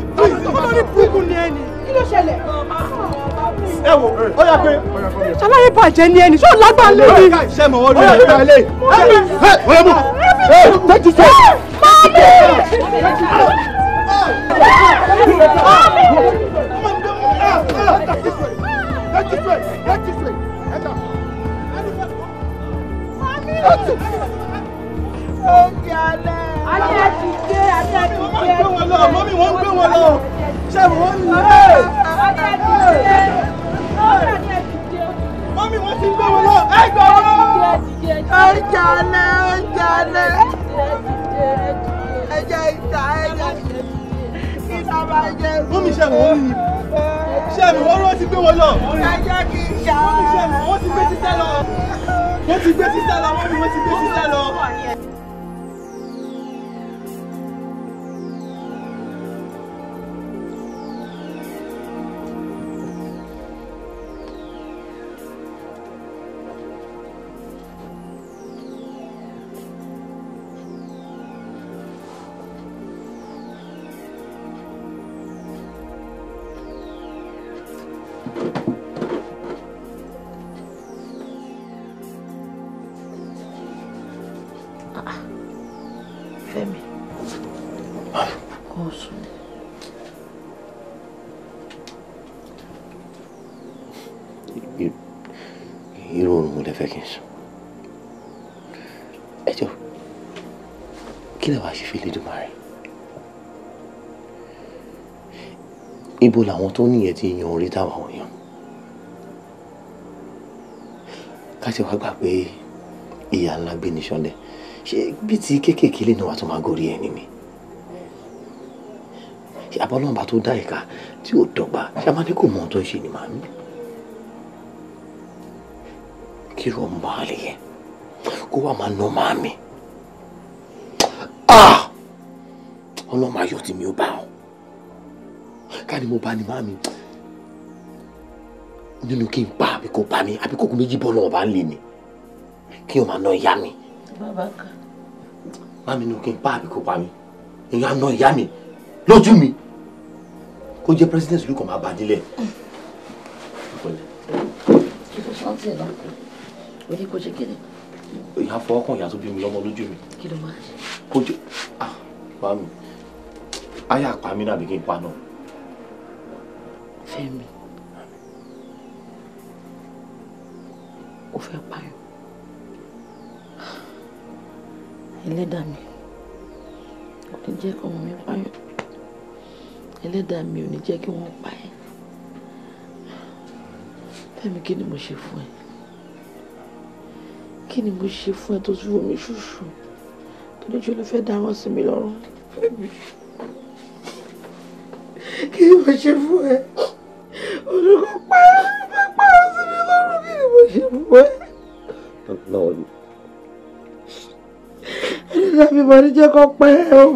ọmọdé burúkú ni ẹ ní. kí ló ṣẹlẹ̀. ẹ wo ó yà pé. ṣàlàyé bàjẹ́ ni ẹni ṣó lágbà lé mi. ṣé mo wọ́n rí ẹ̀ ká lé. ẹ ẹ ẹ ẹ ẹ ẹ ẹ ẹ ẹ ẹ ẹ ẹ ẹ ẹ ẹ níbo làwọn tó nìyẹn ti yan orí táwọn àwọn èèyàn káṣí wàá gbà pé ìyá ńlá gbé ní sọlẹ ṣé bí ti kéékèèké lè ní wàá tó máa gorí ẹni a máa ní kò mọ ohun tó ń ṣe ni màmí kí ló ń ah! bá a lè yẹ ká ni mo bá ní màmí nínú kí n pa àbí kò pa mí àbí kòkó méjì bọ́ọ̀lù ọ̀bá ń lè mí kí o máa ná ìyá mi. bàbá kan. màmí nínú kí n pa àbí kò pa mí èèyàn á ná ìyá mi lójú mi kó jẹ́ president olùkọ́ máa bá a nílẹ̀. orí kò ṣe kéde. ìyá fọwọ́kàn ìyá tó bí mi lọ́mọ lójú mi. kí ló máa ṣe. kó jẹ́ ah màmí ayé àpamí náà àbí kí n pa náà. Fẹ́mi o fẹ́ pààyàn ẹlẹ́dàá mi ò ní jẹ́ kí ọmọ mi pààyàn ẹlẹ́dàá mi ò ní jẹ́ kí wọ́n pa ẹ́ Fẹ́mi kí ni mo ṣe fún ẹ kí ni mo ṣe fún ẹ tó tún omi ṣùṣù tó ní jùlọ fẹ́ dáhùn sí mi lọ́rùn Fẹ́mi kí ni mo ṣe fún ẹ. bá ní pẹ́ ẹ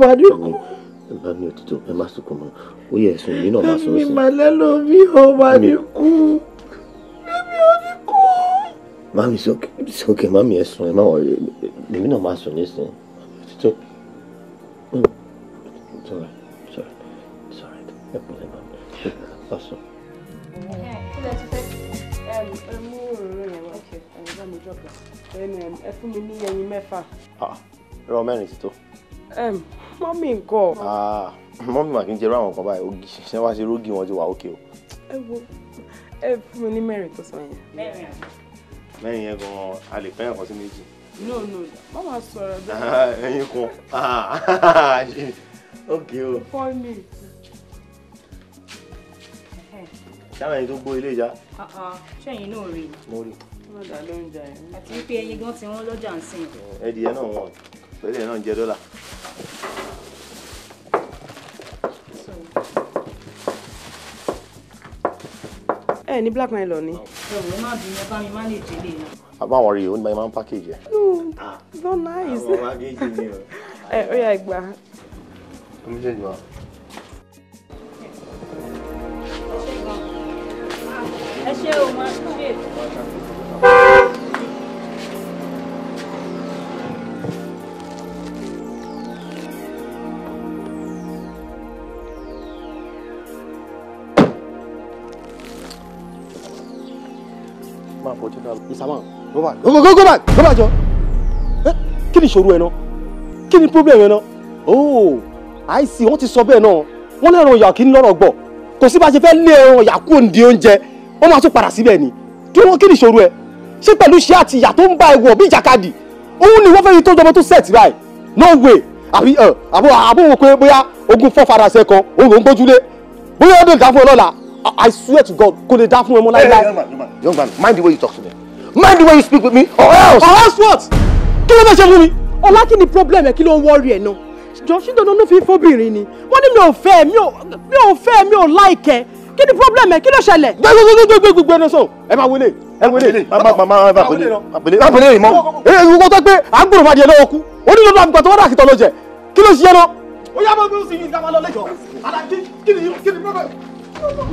bá mi òtítọ́ ẹ má sunkún mọ́ ó yẹ ẹ̀sùn mi náà má sọ sí. ẹ̀mí mi ò èmi ò ní kú. mami sókè sókè mami ẹ sùn ẹ má wọlé èmi náà má sùn nísìnyí òtítọ́. sorry sorry sorry ẹ fún mi ní ẹyin mẹ́fà. Ah rọ mẹ́rin ti tó. mọ́mí nǹkan. mọ́mí màkì ń jẹ ráwọn kan báyìí ogi ṣe wá sí rógì wọn ti wà ókè o. ẹ wo ẹ fún mi ní mẹ́rin tó sọ yẹn. mẹ́rin mẹ́rin yẹn gan-an a lè fẹ́ ẹ̀kọ́ sí méjì. no no má máa sọ̀rọ̀ bẹ́ẹ̀. Ah, ẹyin kan ókè ah, (laughs) o. four minutes. sáwọn ẹni tó gbó ilé ìjà. Uh-uh. ṣẹ́yìn náà rí i. mo rí i àti wípé ẹyin gan ti wọn lọ́jà ń sìn. ẹdìyẹ náà wọn torí ẹ̀ náà ń jẹ dọ́là. black nine lọ ni. ẹ̀wọ̀n má bínú bá mi má lè délé náà. àbá package ẹ. no nice. àwọn package ni o. ẹ ó yá ìgbà. ó man for two thousand. Mr. Man, go back. Go, go, go back. Go back, John. Eh? Kí ni ìṣòro ẹ náà? Kí ni problem ẹ náà? Oh, I see. Wọ́n ti sọ bẹ́ẹ̀ náà. Wọ́n lẹ́rọ ọ̀yà kí n lọ́rọ̀ gbọ̀. Kò sí bá ṣe fẹ́ lé ẹran ọ̀yà kúrò ní oúnjẹ. Wọ́n máa tún padà síbẹ̀ ni. Kí wọ́n kí ni ìṣòro ẹ? Ṣé pẹ̀lú ṣé àti ìyà tó ń bá ẹwọ̀ bí ìjàkadì? Òun ni wọ́n fẹ́ fi tó jọmọ tó set báyìí. No way. Àbí àbó àbó wò pé bóyá ogun fọ́ farasẹ́ kan, òun ló ń gbójúlé. Bóyá ó dùn ká fún ọ lọ́la. I swear to God, could lè dá fún ọmọ láíláí. Young man, young man, young man, mind the way you talk to me. Mind the way you speak with me or else. Or else what? Kí ló fẹ́ ṣe fún mi? Ọlá kí problem ẹ̀ kí ló worry, wọ́ọ̀rì ẹ̀ náà? Jọ ṣí dandan ló fi fóbìnrin ni. What do mi ò me mi ò fẹ́ mi ò láìkẹ́. Kí the problem ẹ̀ kí ló ṣẹlẹ̀? no, no, no, no, no, no, no, no, no, no, má bẹ̀lẹ̀ ìmọ̀. Ẹ wo kó tó pé àgbòrò máa di ẹ lọ́wọ́ kú. Ó ní lọ́dọ̀ àgbàtọ́ wọ́n dà kìtọ́ lọ jẹ. Kí ló ṣiṣẹ́ náà? Ó yá bọ́ bí ó sì yí ìdáwọ́ lọ lẹ́jọ́. Àdá kí ni kí ni problem? Leave it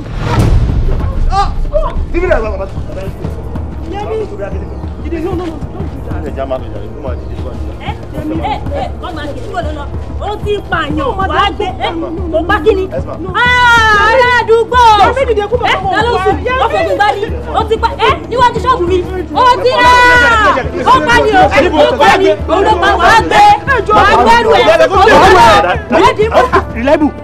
there, Baba. Yemi. Jide, no, no, no, don't do that. Ẹja máa bẹ̀rẹ̀ ló máa jìde síwájú. Ẹ Yemi ẹ ẹ ọmọ àti ìdúró lọ́nà ó ti pààyàn wá gbé ẹ kò bá kí ni. Ààrẹ àdúgbò ẹ lálóṣù lọ́fọ̀ọ́gùn bá ní ó ti pa ẹ níwájú ṣọ́ọ̀bù mi ó ti ẹ ó pa ni o ó pa ni òun ló pa wá gbé wá gbẹ́rù ẹ̀ ó ti pa ẹ̀ ẹ̀ dìbò.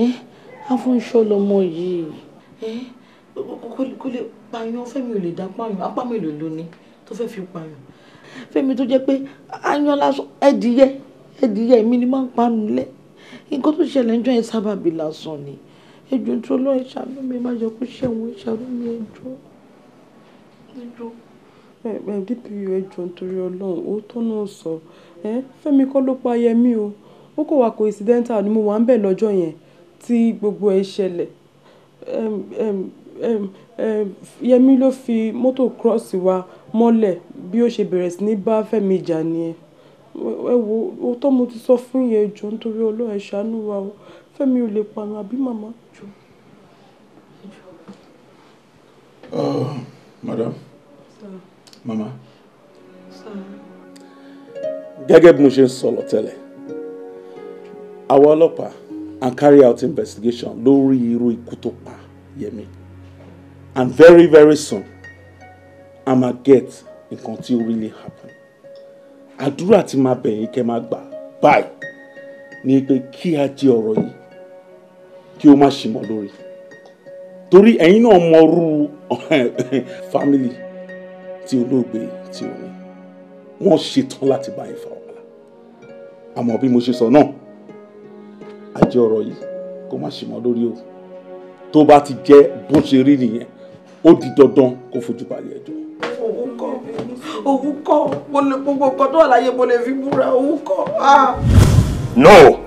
Eh, afúnṣọ lọmọ yìí eh, kó lè pààyàn fẹ́mi ò lè dá pààyàn apá mélòó ló ní tó fẹ́ fi pààyàn fẹ́mi tó jẹ́ pé ayan lásán ẹ̀dìyẹ ẹ̀dìyẹ mi ni máa ń pa nù lẹ́ nǹkan tó ṣẹlẹ̀ ń jọ yẹn sábàbí lásán ni ẹjọ́ tó lọ́ ẹ ṣàánú mi má jẹ́ kó ṣẹ̀wọ̀n ẹ ṣàánú mi ẹjọ́ ẹjọ́ ẹ dpu ẹjọ́ nítorí ọlọ́run ó tọ́nà sọ eh, fẹ́mi kọ́ ló pa yẹmí o ó kò wá coincidental ni mo wà ń bẹ̀ lọ́jọ́ yẹn tí gbogbo ẹ̀ ṣẹlẹ̀ um um yẹmi ló fi mọ́tò cross wa mọ́lẹ̀ bí ó ṣe bẹ̀rẹ̀ sí ní bá fẹ́mi jà nìyẹn ẹ wo òótọ́ mo ti sọ fún yẹn jọ nítorí ọlọ́run ẹ ṣàánú wa o fẹ́mi ò lè parun àbí màmá jù. madam Sir. mama Sir. gẹ́gẹ́ bí mo ṣe ń sọ̀rọ̀ tẹ́lẹ̀ àwa ọlọ́pàá and carry out investigation lórí irú ikú tó pa Yẹmi and very very soon i ma get nǹkan tí ó really happen àdúrà tí máa bẹ̀yìn kẹ́ máa gbà báyìí ni pé kí a jẹ ọ̀rọ̀ yìí kí o má ṣì mọ́ lórí torí ẹ̀yin náà mọrú (laughs) family tí olóògbé tí o ní wọ́n ṣetán láti bá yín fa wàhálà àmọ́ bí mo ṣe sọ náà ajé ọ̀rọ̀ yìí kó má ṣe mọ́ lórí o tó bá ti jẹ́ bó ṣe rí nìyẹn ó di dandan kó fojú balẹ̀ ẹjọ́. òun kọ gbogbo nǹkan tó mo lè fi búra òun ah. no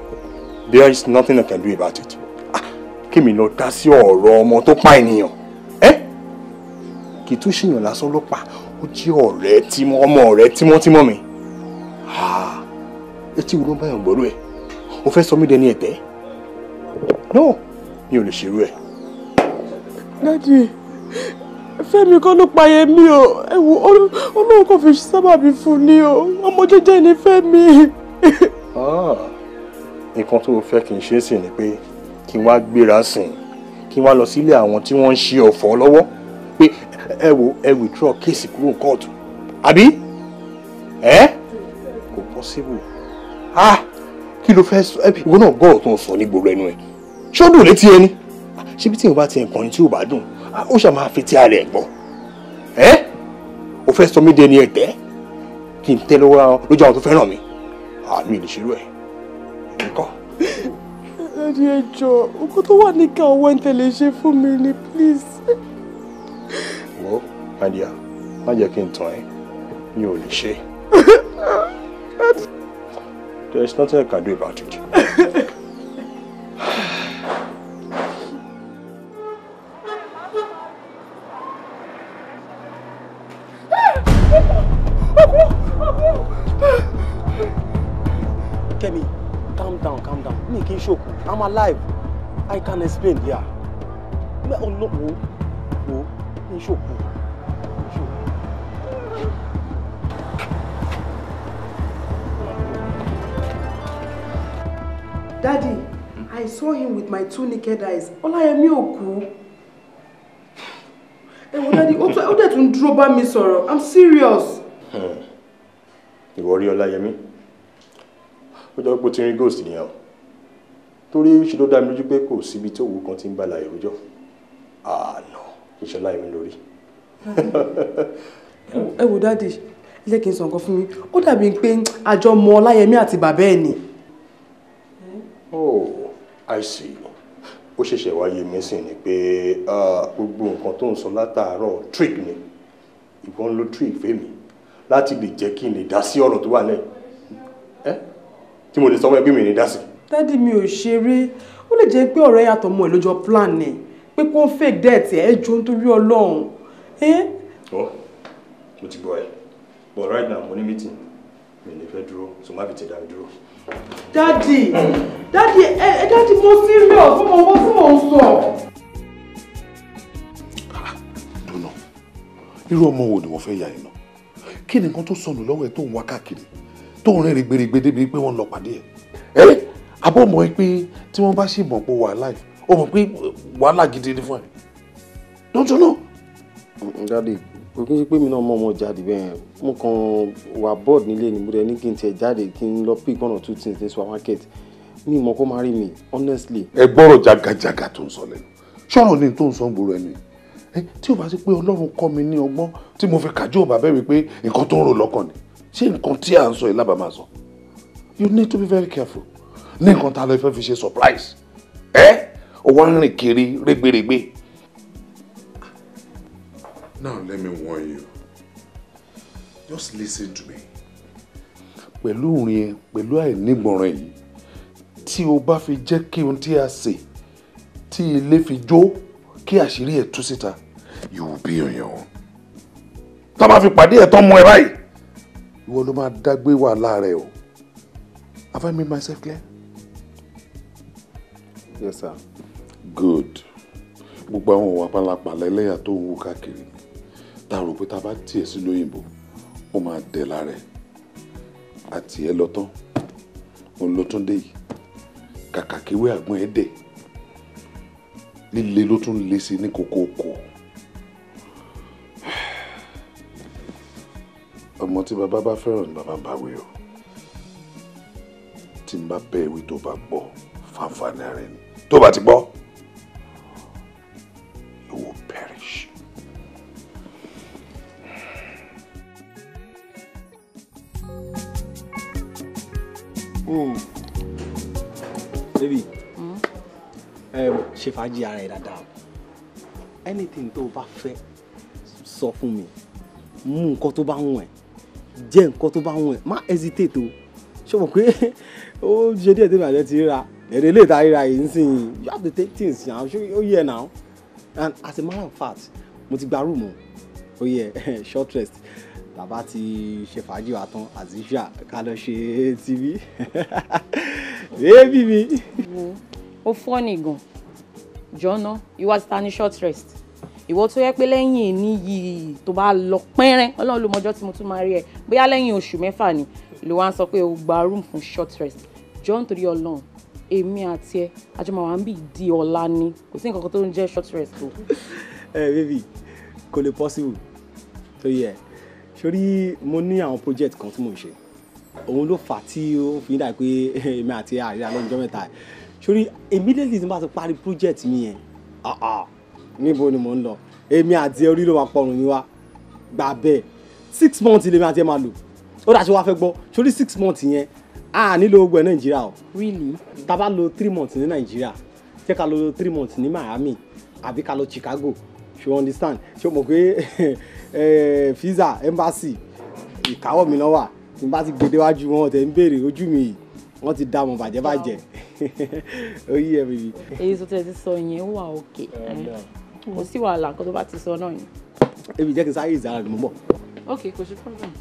there is nothing I can do about it ah, kí mi lọ dá sí ọ̀rọ̀ ọmọ tó pa ènìyàn kì í tún ṣèyàn lásán ló pa ó jẹ́ ọ̀rẹ́ tímọ́ ọmọ ọ̀rẹ́ tímọ́tímọ́ mi ah, etí wo ló bá yàn gbọ́rú ẹ̀ o fẹ́ sọ mí dẹni ẹ̀tẹ́ no mi ò lè ṣerú ẹ̀. dádì fẹ́mi kọ́ ló pa Yẹmí o ẹ wo Ọlọ́run kò fi sábàbí fún ni o ọmọ jẹ́jẹ́ ni fẹ́mi. Ah, nǹkan tó o fẹ́ kí n ṣe sí ni pé kí n wá gbéra sìn kí n wá lọ sílé àwọn tí wọ́n ń ṣe ọ̀fọ̀ lọ́wọ́ pé ẹ wo ẹ withdraw kéèsì kúrò kóòtù àbí ẹ kò possible ah kí ló fẹ́ sọ ẹbí ìwọ náà gbọ́ ọ̀tún sọ ní gbogbo ẹnu ẹ ṣó dùn létí ẹni ṣebí tí ìwọ ti nǹkan tí O bá dùn ó ṣà máa fi ti ara ẹ gbọ́ ẹ ò fẹ́ sọ mí dẹni ẹ̀tẹ́ kí n tẹ́ lọ́wọ́ lójú àwọn tó fẹ́ràn mi àmì ìlẹ̀ṣirò ẹ̀ nǹkan. ẹni ẹjọ oko tó wà ní ká ọwọ́ ìtẹ̀lẹ̀ ṣe fún mi ni please. wo my má jẹ́ kí n tàn ẹ́ mi ò lè ṣe. (laughs) There's nothing I can do about it. Kemi, calm down, calm down. Mi kì I'm alive. I can explain, yeah. Me Ọlọ́wọ́ oh, wo ní ṣòkò. Daddy, I saw him with my two naked eyes. Ọláyẹmí ò kú. Ẹ Daddy, Otu, dẹ̀ tún dúró bá mi sọ̀rọ̀. I'm serious. Ìwọ rí Ọláyẹmí? Ó jọ pé ó ti rí ghost nìyẹn o. Torí ṣe ló dá mi lójú pé kò síbi tí òwú kan ti ń balà ìrújọ́. Àná ah, iṣẹ́ Ọláyẹmí lórí. Daddy, you're kí n sọ nǹkan being mi. Ó dàbí more. àjọ mọ Ọláyẹmí àti bàbá oh i see ó ṣẹ̀ṣẹ̀ wáyé mi sìn ni pé gbogbo nǹkan tó ń sọ látàárọ̀ trick ni ìwọ ń lo trick fèmí láti lè jẹ́ kí n lè dá sí ọ̀rọ̀ tó wà lẹ̀ ẹ́ tí mo lè sọ fún ẹgbẹ́ mi ní dá sí. dádì mi ò ṣeré ó lè jẹ́ pé ọ̀rẹ́ yàtọ̀ mọ́ ẹ̀ plan ni pé kó ń fake death ẹ̀ ju nítorí ọlọ́run. ọ mo ti gbọ́ ẹ but right now mo ní meeting mi ò ní fẹ́ dúró so má fi ti dá mi dúró. Daddy, dádì ẹ dádì mo serious mo mọ owó tí mò ń sọ. dùnà irú ọmọ wo ni wọ́n fẹ́ ya iná kí ni nǹkan tó sọnù lọ́wọ́ to tó ń wá káàkiri tó ń rìnrìn gbèrègbè débi pé wọ́n lọ pàdé ẹ ẹ abọ́ mọ̀ ẹ pé tí wọ́n bá ṣì mọ̀ pé wàhálà ẹ o gidi ni fún ẹ don't you know. Daddy kò kí n ṣe pé mi náà mọ̀ ọmọ jáde bẹ́ẹ̀ mo kàn wà board nílé ni mo dẹ̀ ní kí n tiẹ̀ jáde kí n lọ pick one or two things ní supermarket mi mọ̀ kó má rí mi honestly. ẹ gbọ́rọ̀ jagajaga tó ń sọ lẹ́nu ṣọ́rọ̀ ni tó ń sọ gbòòrò ẹni tí o bá ti pé ọlọ́run kọ́ mi ní ọgbọ́n tí mo fi kàjú ọba bẹ́ẹ̀ wípé nǹkan tó ń rò lọ́kàn ni ṣé nǹkan tí à ń sọ yìí lábàá máa sọ you need to be very careful ní nǹkan tá a lọ fẹ́ fi ṣe surprise ẹ o wá ń rìn kiri rẹ́gbẹ̀rẹ́gbẹ̀ Now let me warn you. Just listen to me. Pẹ̀lú òrin ẹ, pẹ̀lú àìnígbọ̀nràn yìí, tí o bá fi jẹ́ kí ohun tí a sè, tí ilé fi jó, kí àṣírí ẹ̀ tú síta, you will be on your own. Tá a bá fi pàdé ẹ̀ tán mú ẹ báyìí, ìwọ ló máa dágbé wàhálà rẹ o. Have I made myself clear? Yes, sir. Good. Gbogbo àwọn òwà pálapàla ẹlẹ́yà tó ń wú káàkiri tá a pé tá a bá tiẹ̀ sí lóyìnbó ó máa dẹ̀ lára ẹ̀ àti ẹ lọ tán òun ló tún dé yìí kàkà kíwé àgbọn ẹ dẹ̀ líle ló tún le sí ní kókó kò ọmọ tí bàbá bá fẹ́ràn ni bàbá bá wí o tí n bá bẹ́ẹ̀ wí tó bá gbọ́ fáfáà ara ẹni tó bá ti gbọ́. ṣe fàájì ara ẹ̀ dáadáa anything tó o bá fẹ́ sọ fún mi mú nǹkan tó bá wùn ẹ́ jẹ́ nǹkan tó bá wùn ẹ́ má hesitate o ṣé mo pé (laughs) ó ṣe díẹ̀ tẹ́lẹ̀ àjẹ́ ti ríra èdè ilé ìta ríra yìí ń sìn yìí you have to take things now ṣé ó yẹ now and as a matter of fact mo ti gba rúùmù ó yẹ (laughs) short rest bàbá ti ṣe fàájì wa tán azizia ká lọ ṣe tv (laughs) bébì mi. ó fọ́ nìgàn jọ́nà ìwà títa ní short rest ìwọ tó yẹ pé lẹ́yìn èní yìí tó bá lọ pẹ́rẹ́ ọlọ́run ló mọjọ́ tí mo tún máa rí ẹ bóyá lẹ́yìn oṣù mẹ́fà ni ló wá ń sọ pé o gba room fún short rest John, nítorí ọlọ́run èmi àti ẹ àjọmọ̀ wa ń bì di ọ̀la ni kò sí nǹkan kan tó ń jẹ́ short rest o. ẹ (laughs) ẹ eh, baby kò lè possible tó yẹ sórí mo ní àwọn project kan tí mo ń ṣe òun ló fà á tí ó fi dà pé (laughs) èmi àti àríyá lọ́jọ́ mẹ́ta yìí sórí immediately tí n bá ti parí project mi yẹn ah, ah, níbo ni mò ń lọ èmi àti orí ló máa pọrùn mi wá gbà bẹ́ẹ̀ six months lèmi àti ẹ máa lò ó dàṣẹ wá fẹ́ gbọ́ sórí six months yẹn a nílò ogun ẹ̀ nàìjíríà o. really. tá a bá lò three months ní nàìjíríà jẹ́ ká lò three months ní miami àbí ká lọ chicago you understand ṣé o mọ̀ pé (laughs) visa embassy ìkáwọ́ mi náà wà tí n bá ti gbèdéwájú wọn tẹ̀ ń béèrè ojú mi yìí wọ́n ti dá mọ̀ bàjẹ́ bàjẹ́. Wow ó yí ẹ bìbí. èyí tó tẹ̀ ti sọ yẹn ó wà òkè kò sí wàhálà nǹkan tó bá ti sọ náà yẹn. ebi jẹ́ kí n sáré ìzára ni mo bọ̀. ok kò sí problem.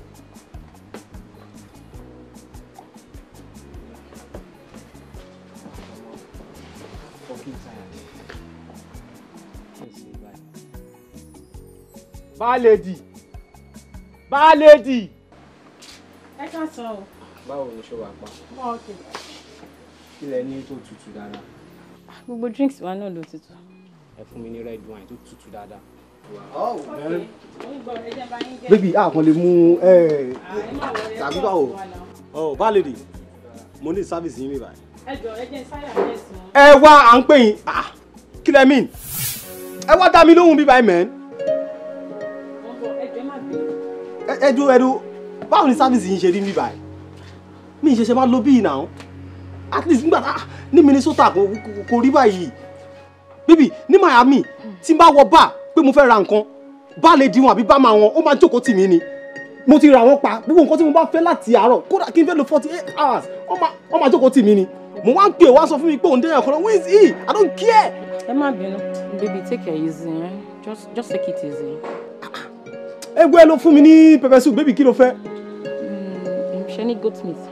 báàlèdì báàlèdì. ẹ ká sọ báwo ni ṣé wàá pa. mọ ọkẹ kílẹ̀ ní tó tutù dáadáa. gbogbo drinks wa náà ló tutù. ẹ fún mi ní red wine tó tutù dáadáa. bébì a kàn lè mú tàbí báwo ọ bá oh, lèdè mo ní sáfìsì yín mi báyìí. ẹ jọ ẹ jẹ sáyà ẹ sùn. ẹ wá à ń pè yín ah, kílẹ̀ mi ẹ wá dá mi lóhùn bíbáyìí mẹ́rin. ẹ jọ ẹ dúró báwo ni sáfìsì yín ṣe rí mi báyìí mi ì máa lo bíi náà at least nígbà ní Minnesota kò rí báyìí bíbí ní Miami tí n bá wọ bá pé mo fẹ́ ra nǹkan bá lè di wọn àbí bá máa wọn ó máa jókòó tì mí ni mo ti ra wọn pa gbogbo nǹkan tí mo bá fẹ́ láti àárọ̀ kódà kí n fẹ́ lo forty eight hours ó máa jókòó tì mí ni mo wá ń pè wá sọ fún mi pé òun dẹ́yà kan where is he I don't care. ẹ má bínú baby take it easy eh? just just take it easy. ẹgbẹ́ ló fún mi ní pepper soup baby kí ló fẹ́. Mm, ṣe ni goat meat.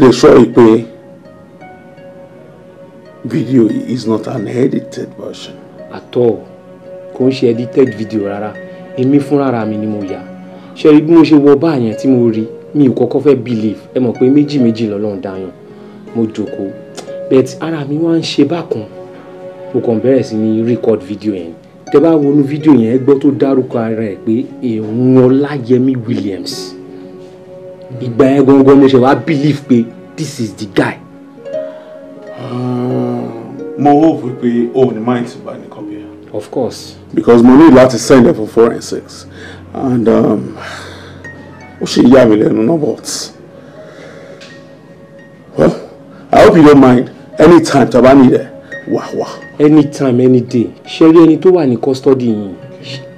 lè sọ pé video is not an edited version. at all kò ń ṣe edited video rárá èmi fúnra mi ni mo yà ṣe rí bí mo ṣe wọ báyẹn tí mo rí mi ò kọ́kọ́ fẹ́ believe ẹ mọ̀ pé méjì méjì lọ́lọ́run dáyàn mo jókòó but ara mi wá ń ṣe bákan mo kàn bẹ̀rẹ̀ sí ní record video yẹn tẹ bá wọnú fídíò yẹn gbọ́ tó dárúkọ ara ẹ̀ pé èèwọ̀n ọláyẹmí Williams ìgbà yẹn gangan ló ṣe wá believe pé this is the guy. Ah, mo hope wípé òun ni mind to bá ní kọ́bí. of course. because mo ní láti send ẹ for four and six, um, ó ṣe yà mí lẹ́nu náà but well i hope you don't mind anytime taba need ẹ wà wà. anytime any day ṣe rí ẹni tó wà ní custody yìí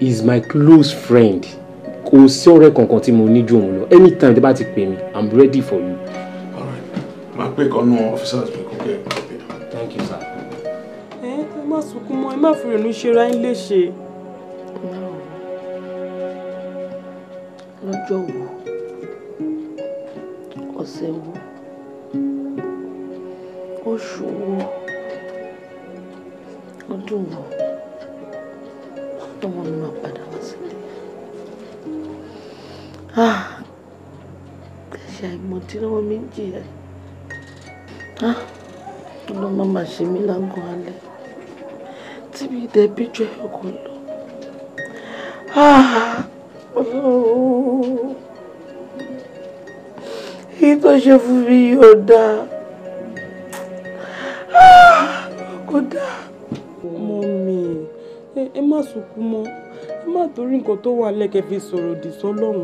is my close friend kò sí ọ̀rẹ́ kankan tí mo ní ju òun lọ anytime tí bá ti pè mí i'm ready for you. alright máa pè kan nu officers mi kò kẹ́ ẹ̀ thank you sir. ẹ ẹ má sunkún mọ́ ẹ má fi rònú ṣe ra yín léṣe. lọ́jọ́ wo ọ̀sẹ̀ wo oṣù wo ọdún wo tọmọ mi máa padà wá sí ẹ̀ṣẹ̀ ah, àìmọ̀tí lọ́wọ́ mi ń jìyà ló má má ṣe mí lágbo alẹ́ tí mi dẹ̀ bí jọ ẹ̀kọ́ lọ. Ah, èyí tó ṣe fún mi yóò dáa ah, kò dáa. ọmọ mi ẹ má sunkún mọ́ ẹ má torí nǹkan tó wà lẹ́kẹ̀ẹ́ fi sọ̀rọ̀ dì sọ́lọ́run.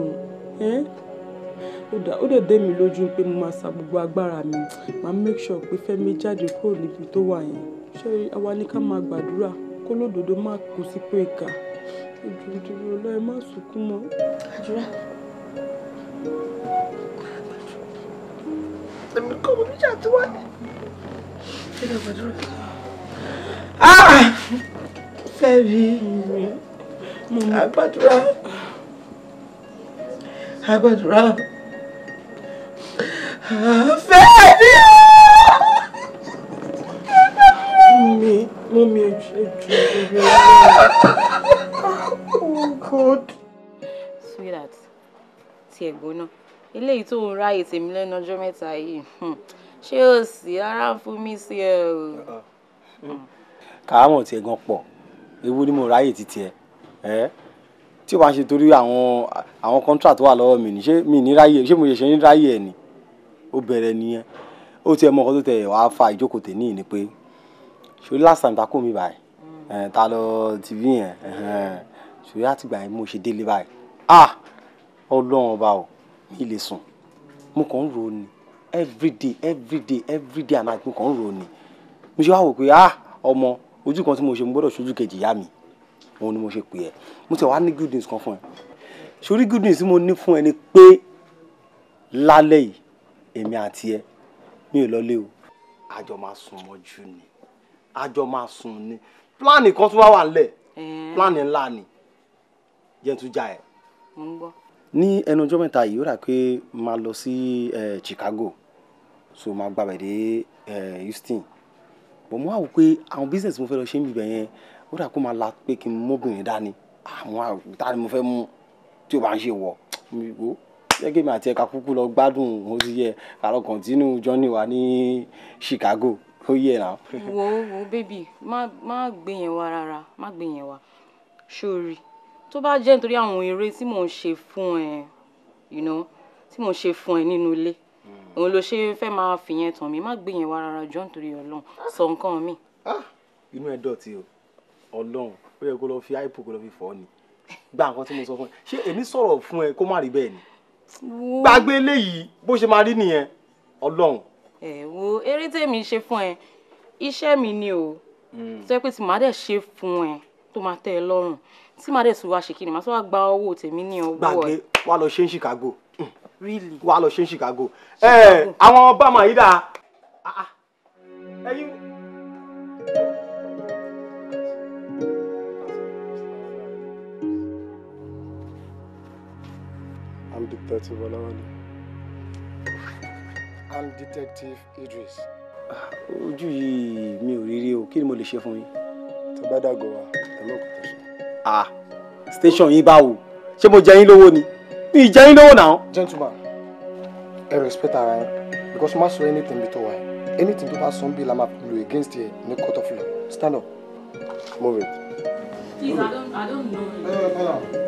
Eh? ó dẹ̀ dé mi lójú pé mo máa sa gbogbo agbára mi máa make sure pé Fẹ́mi jáde kúrò níbi tó wà yẹn ṣé awa ni ká máa gbàdúrà kó lódodo má kú ojúdúró má sunkún mọ́. agbàdúrà fẹ́ẹ́ ni ó. mi mú mi ojú ojú ojú oh god. sweetheart ti ẹ̀gbọ́n náà eléyìí tó ń ráàyè tèmi lẹ́nu ọjọ́ mẹ́ta yìí hmm, ṣé o sì ara ń fún mi sí ẹ o. kàámọ̀ tiẹ̀ gan pọ̀ ewu ni mo ráàyè ti tiẹ̀ ẹ́. Eh? tí wàá ṣe torí àwọn àwọn contract wà lọ́wọ́ mi ní ṣé mi ní ráyè ṣé mo ṣe ṣe ní ráyè ni ó bẹ̀rẹ̀ nìyẹn ó tiẹ̀ mọ ọkọ tó tẹ̀ wàá fa ìjókòó tẹ̀ níyì ni pé ṣòrí last time ta mi báyìí mm. ta lọ tv yẹn ṣòrí àtìgbà yẹn mo ṣe délé báyìí ah ọlọ́run ọba o mi lè sùn mo kàn ń ro ni everyday everyday everyday àná mo kàn ń ro ni mo ṣe wá wò pé ah ọmọ ojú kan tí mo ṣe mo gbọ́dọ̀ ṣojú kejì ìyá mi òun ni mo ṣe pè ẹ́ mo ti wá ní good news kan fún ẹ sórí good news mo ní fún ẹ ni pé lálẹ́ yìí èmi àti ẹ mi ò lọlé o àjọ máa sùn mọ́jú ni àjọ máa sùn ni pílánì kan tún wá wà lẹ̀ pílánì ńlá ni jẹ́ tún já ẹ. ní ẹnu ọjọ́ mẹ́ta yìí ó rà pé máa lọ sí Chicago so máa gbàgbẹ́ dé Houston bọ̀ mo wá wò pé àwọn business mo fẹ́ lọ ṣe ń bìbẹ̀ yẹn ó dà kó máa la pé kí n móbìnrin dání àwọn àwùjọ ni mo fẹ́ mú tí o bá ń ṣe wọ̀ ó jẹ́ kí èmi àti ẹ̀ka kúkú lọ gbádùn ó sì yẹ àlọ́ kọ̀ǹtínú journey wa ní Chicago ó yẹ náà. wo wo baby, má má gbé yẹn wá rárá má gbé yẹn wá sórí tó bá jẹ́ nítorí àwọn eré tí mò ń ṣe fún ẹ you know tí mò ń ṣe fún ẹ nínú ilé hmm. òun ló ṣe fẹ́ máa fìyẹn tàn mí má gbé yẹn wá rárá jọ nítorí Ọlọ́run sọ nǹkan mi. Ah, inú ẹ dọ̀tí o. Ọlọ́run ó yẹ kó lọ fi hypo kó lọ fi fọ ni gba nǹkan tí mo sọ fún ẹ ṣé èmi sọ̀rọ̀ fún ẹ kó má rí bẹ́ẹ̀ ni gbàgbé eléyìí bó ṣe máa rí nìyẹn Ọlọ́run. ẹ wo eré tèmi ṣe fún ẹ iṣẹ́ mi ni o hmm. tó yẹ pé tí màá dẹ̀ ṣe fún ẹ tó máa tẹ́ ẹ lọ́rùn tí màá dẹ̀ tún wá ṣe kí ni màá tún wá gba owó tèmi ní ọwọ́ ẹ. gbàgbé wà lọ ṣe ń Chicago hmm. wà lọ ṣe ń Chicago ẹ àwọn ọba màá yí dáa ah, ah. ẹyin. Detective Ọláwálé. I'm Detective Idris. Ojú yìí mi ò rírí o, kí ni mo lè ṣe fún yín? Tó bá dàgọ̀ wá, ẹ̀rọ kò tó sọ. Ah, station yín báwo? Ṣé mo jẹ yín lówó ni? Mi ì jẹ yín lówó náà. Gentleman, I respect ara yín because má sọ anything bí tó wà Anything to bá sọ ń la máa lo against ẹ ní court of law. Stand up. Move it. Please, I don't, I don't know.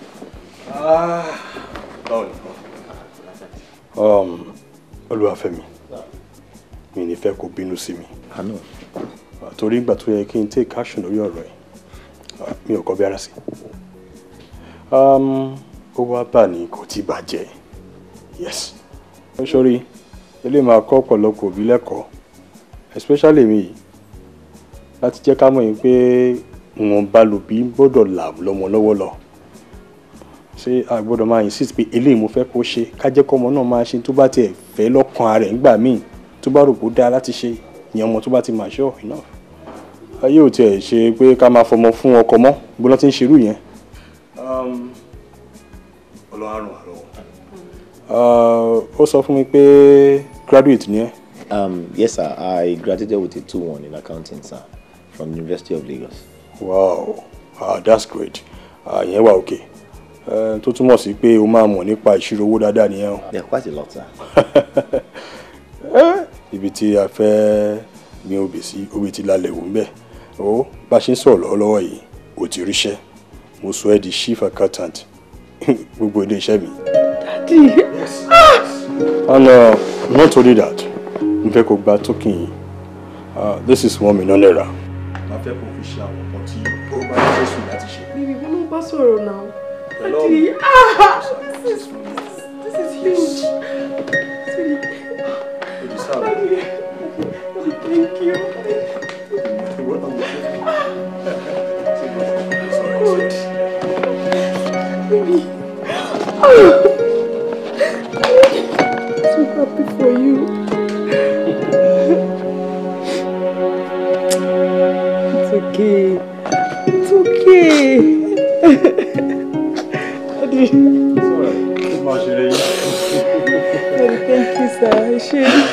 báwo ah. um, ni olúwàfẹ́mi mi ní fẹ́ kó bínú sí mi torí ìgbà tó yẹ kí n take action lórí ọ̀rọ̀ yìí mi ò kọ́ bí ara sí um, ó wá bà ní kò tí bàjẹ́ yes sórí ilé máa kọ́ ọ̀pọ̀lọpọ̀ òbí lẹ́kọ̀ọ́ especially mi láti jẹ́ ká mọ̀ yín pé wọn bá lòbí gbọ́dọ̀ là lọ́mọ lọ́wọ́ lọ ṣé àgbọ́dọ̀ máa insist pé eléyìí mo fẹ́ kó ṣe kájẹ́ kọ́mọ náà máa ṣe tó bá tiẹ̀ fẹ́ lọ́kàn ara ẹ̀ ńgbà míì tó bá rò dáa láti ṣe ìyẹn ọmọ tó bá ti mature enough. ayé ò tiẹ̀ ṣe pé ká máa fọmọ fún ọkọ mọ́ bó lọ́ ti ń ṣerú yẹn. Um, ọlọ́run àrùn uh, ó sọ fún mi pé graduate ni ẹ. Um, yes, sir. I graduated with a 2-1 in accounting, sir, from University of Lagos. Wow, uh, that's great. Uh, yeah, well, tó túmọ̀ sí pé o máa mọ̀ nípa ìṣirò owó dáadáa nìyẹn o. yeah quite a lot sir. (laughs) ibi tí a fẹ́ ní obì sí obì ti lálẹ́ wò ń bẹ̀ ó bá ṣe ń sọ̀rọ̀ lọ́wọ́lọ́wọ́ yìí ò ti ríṣẹ́ mo sọ ẹ́ di chief accountant (laughs) gbogbo ilé iṣẹ́ mi. dadi ah. and uh, not only that n fẹ́ kó gba token yìí ah, this is one million naira. máa fẹ́ kó fi ṣe àwọn ọkọ̀ tí ó bá yẹ kó sùn láti ṣe. bíbí bí wọ́n bá sọ̀rọ̀ náà. Daddy, ah, this is, this is huge. Sweetie. Daddy, thank you. Ah. Good. Baby. I'm ah. so happy for you. schön.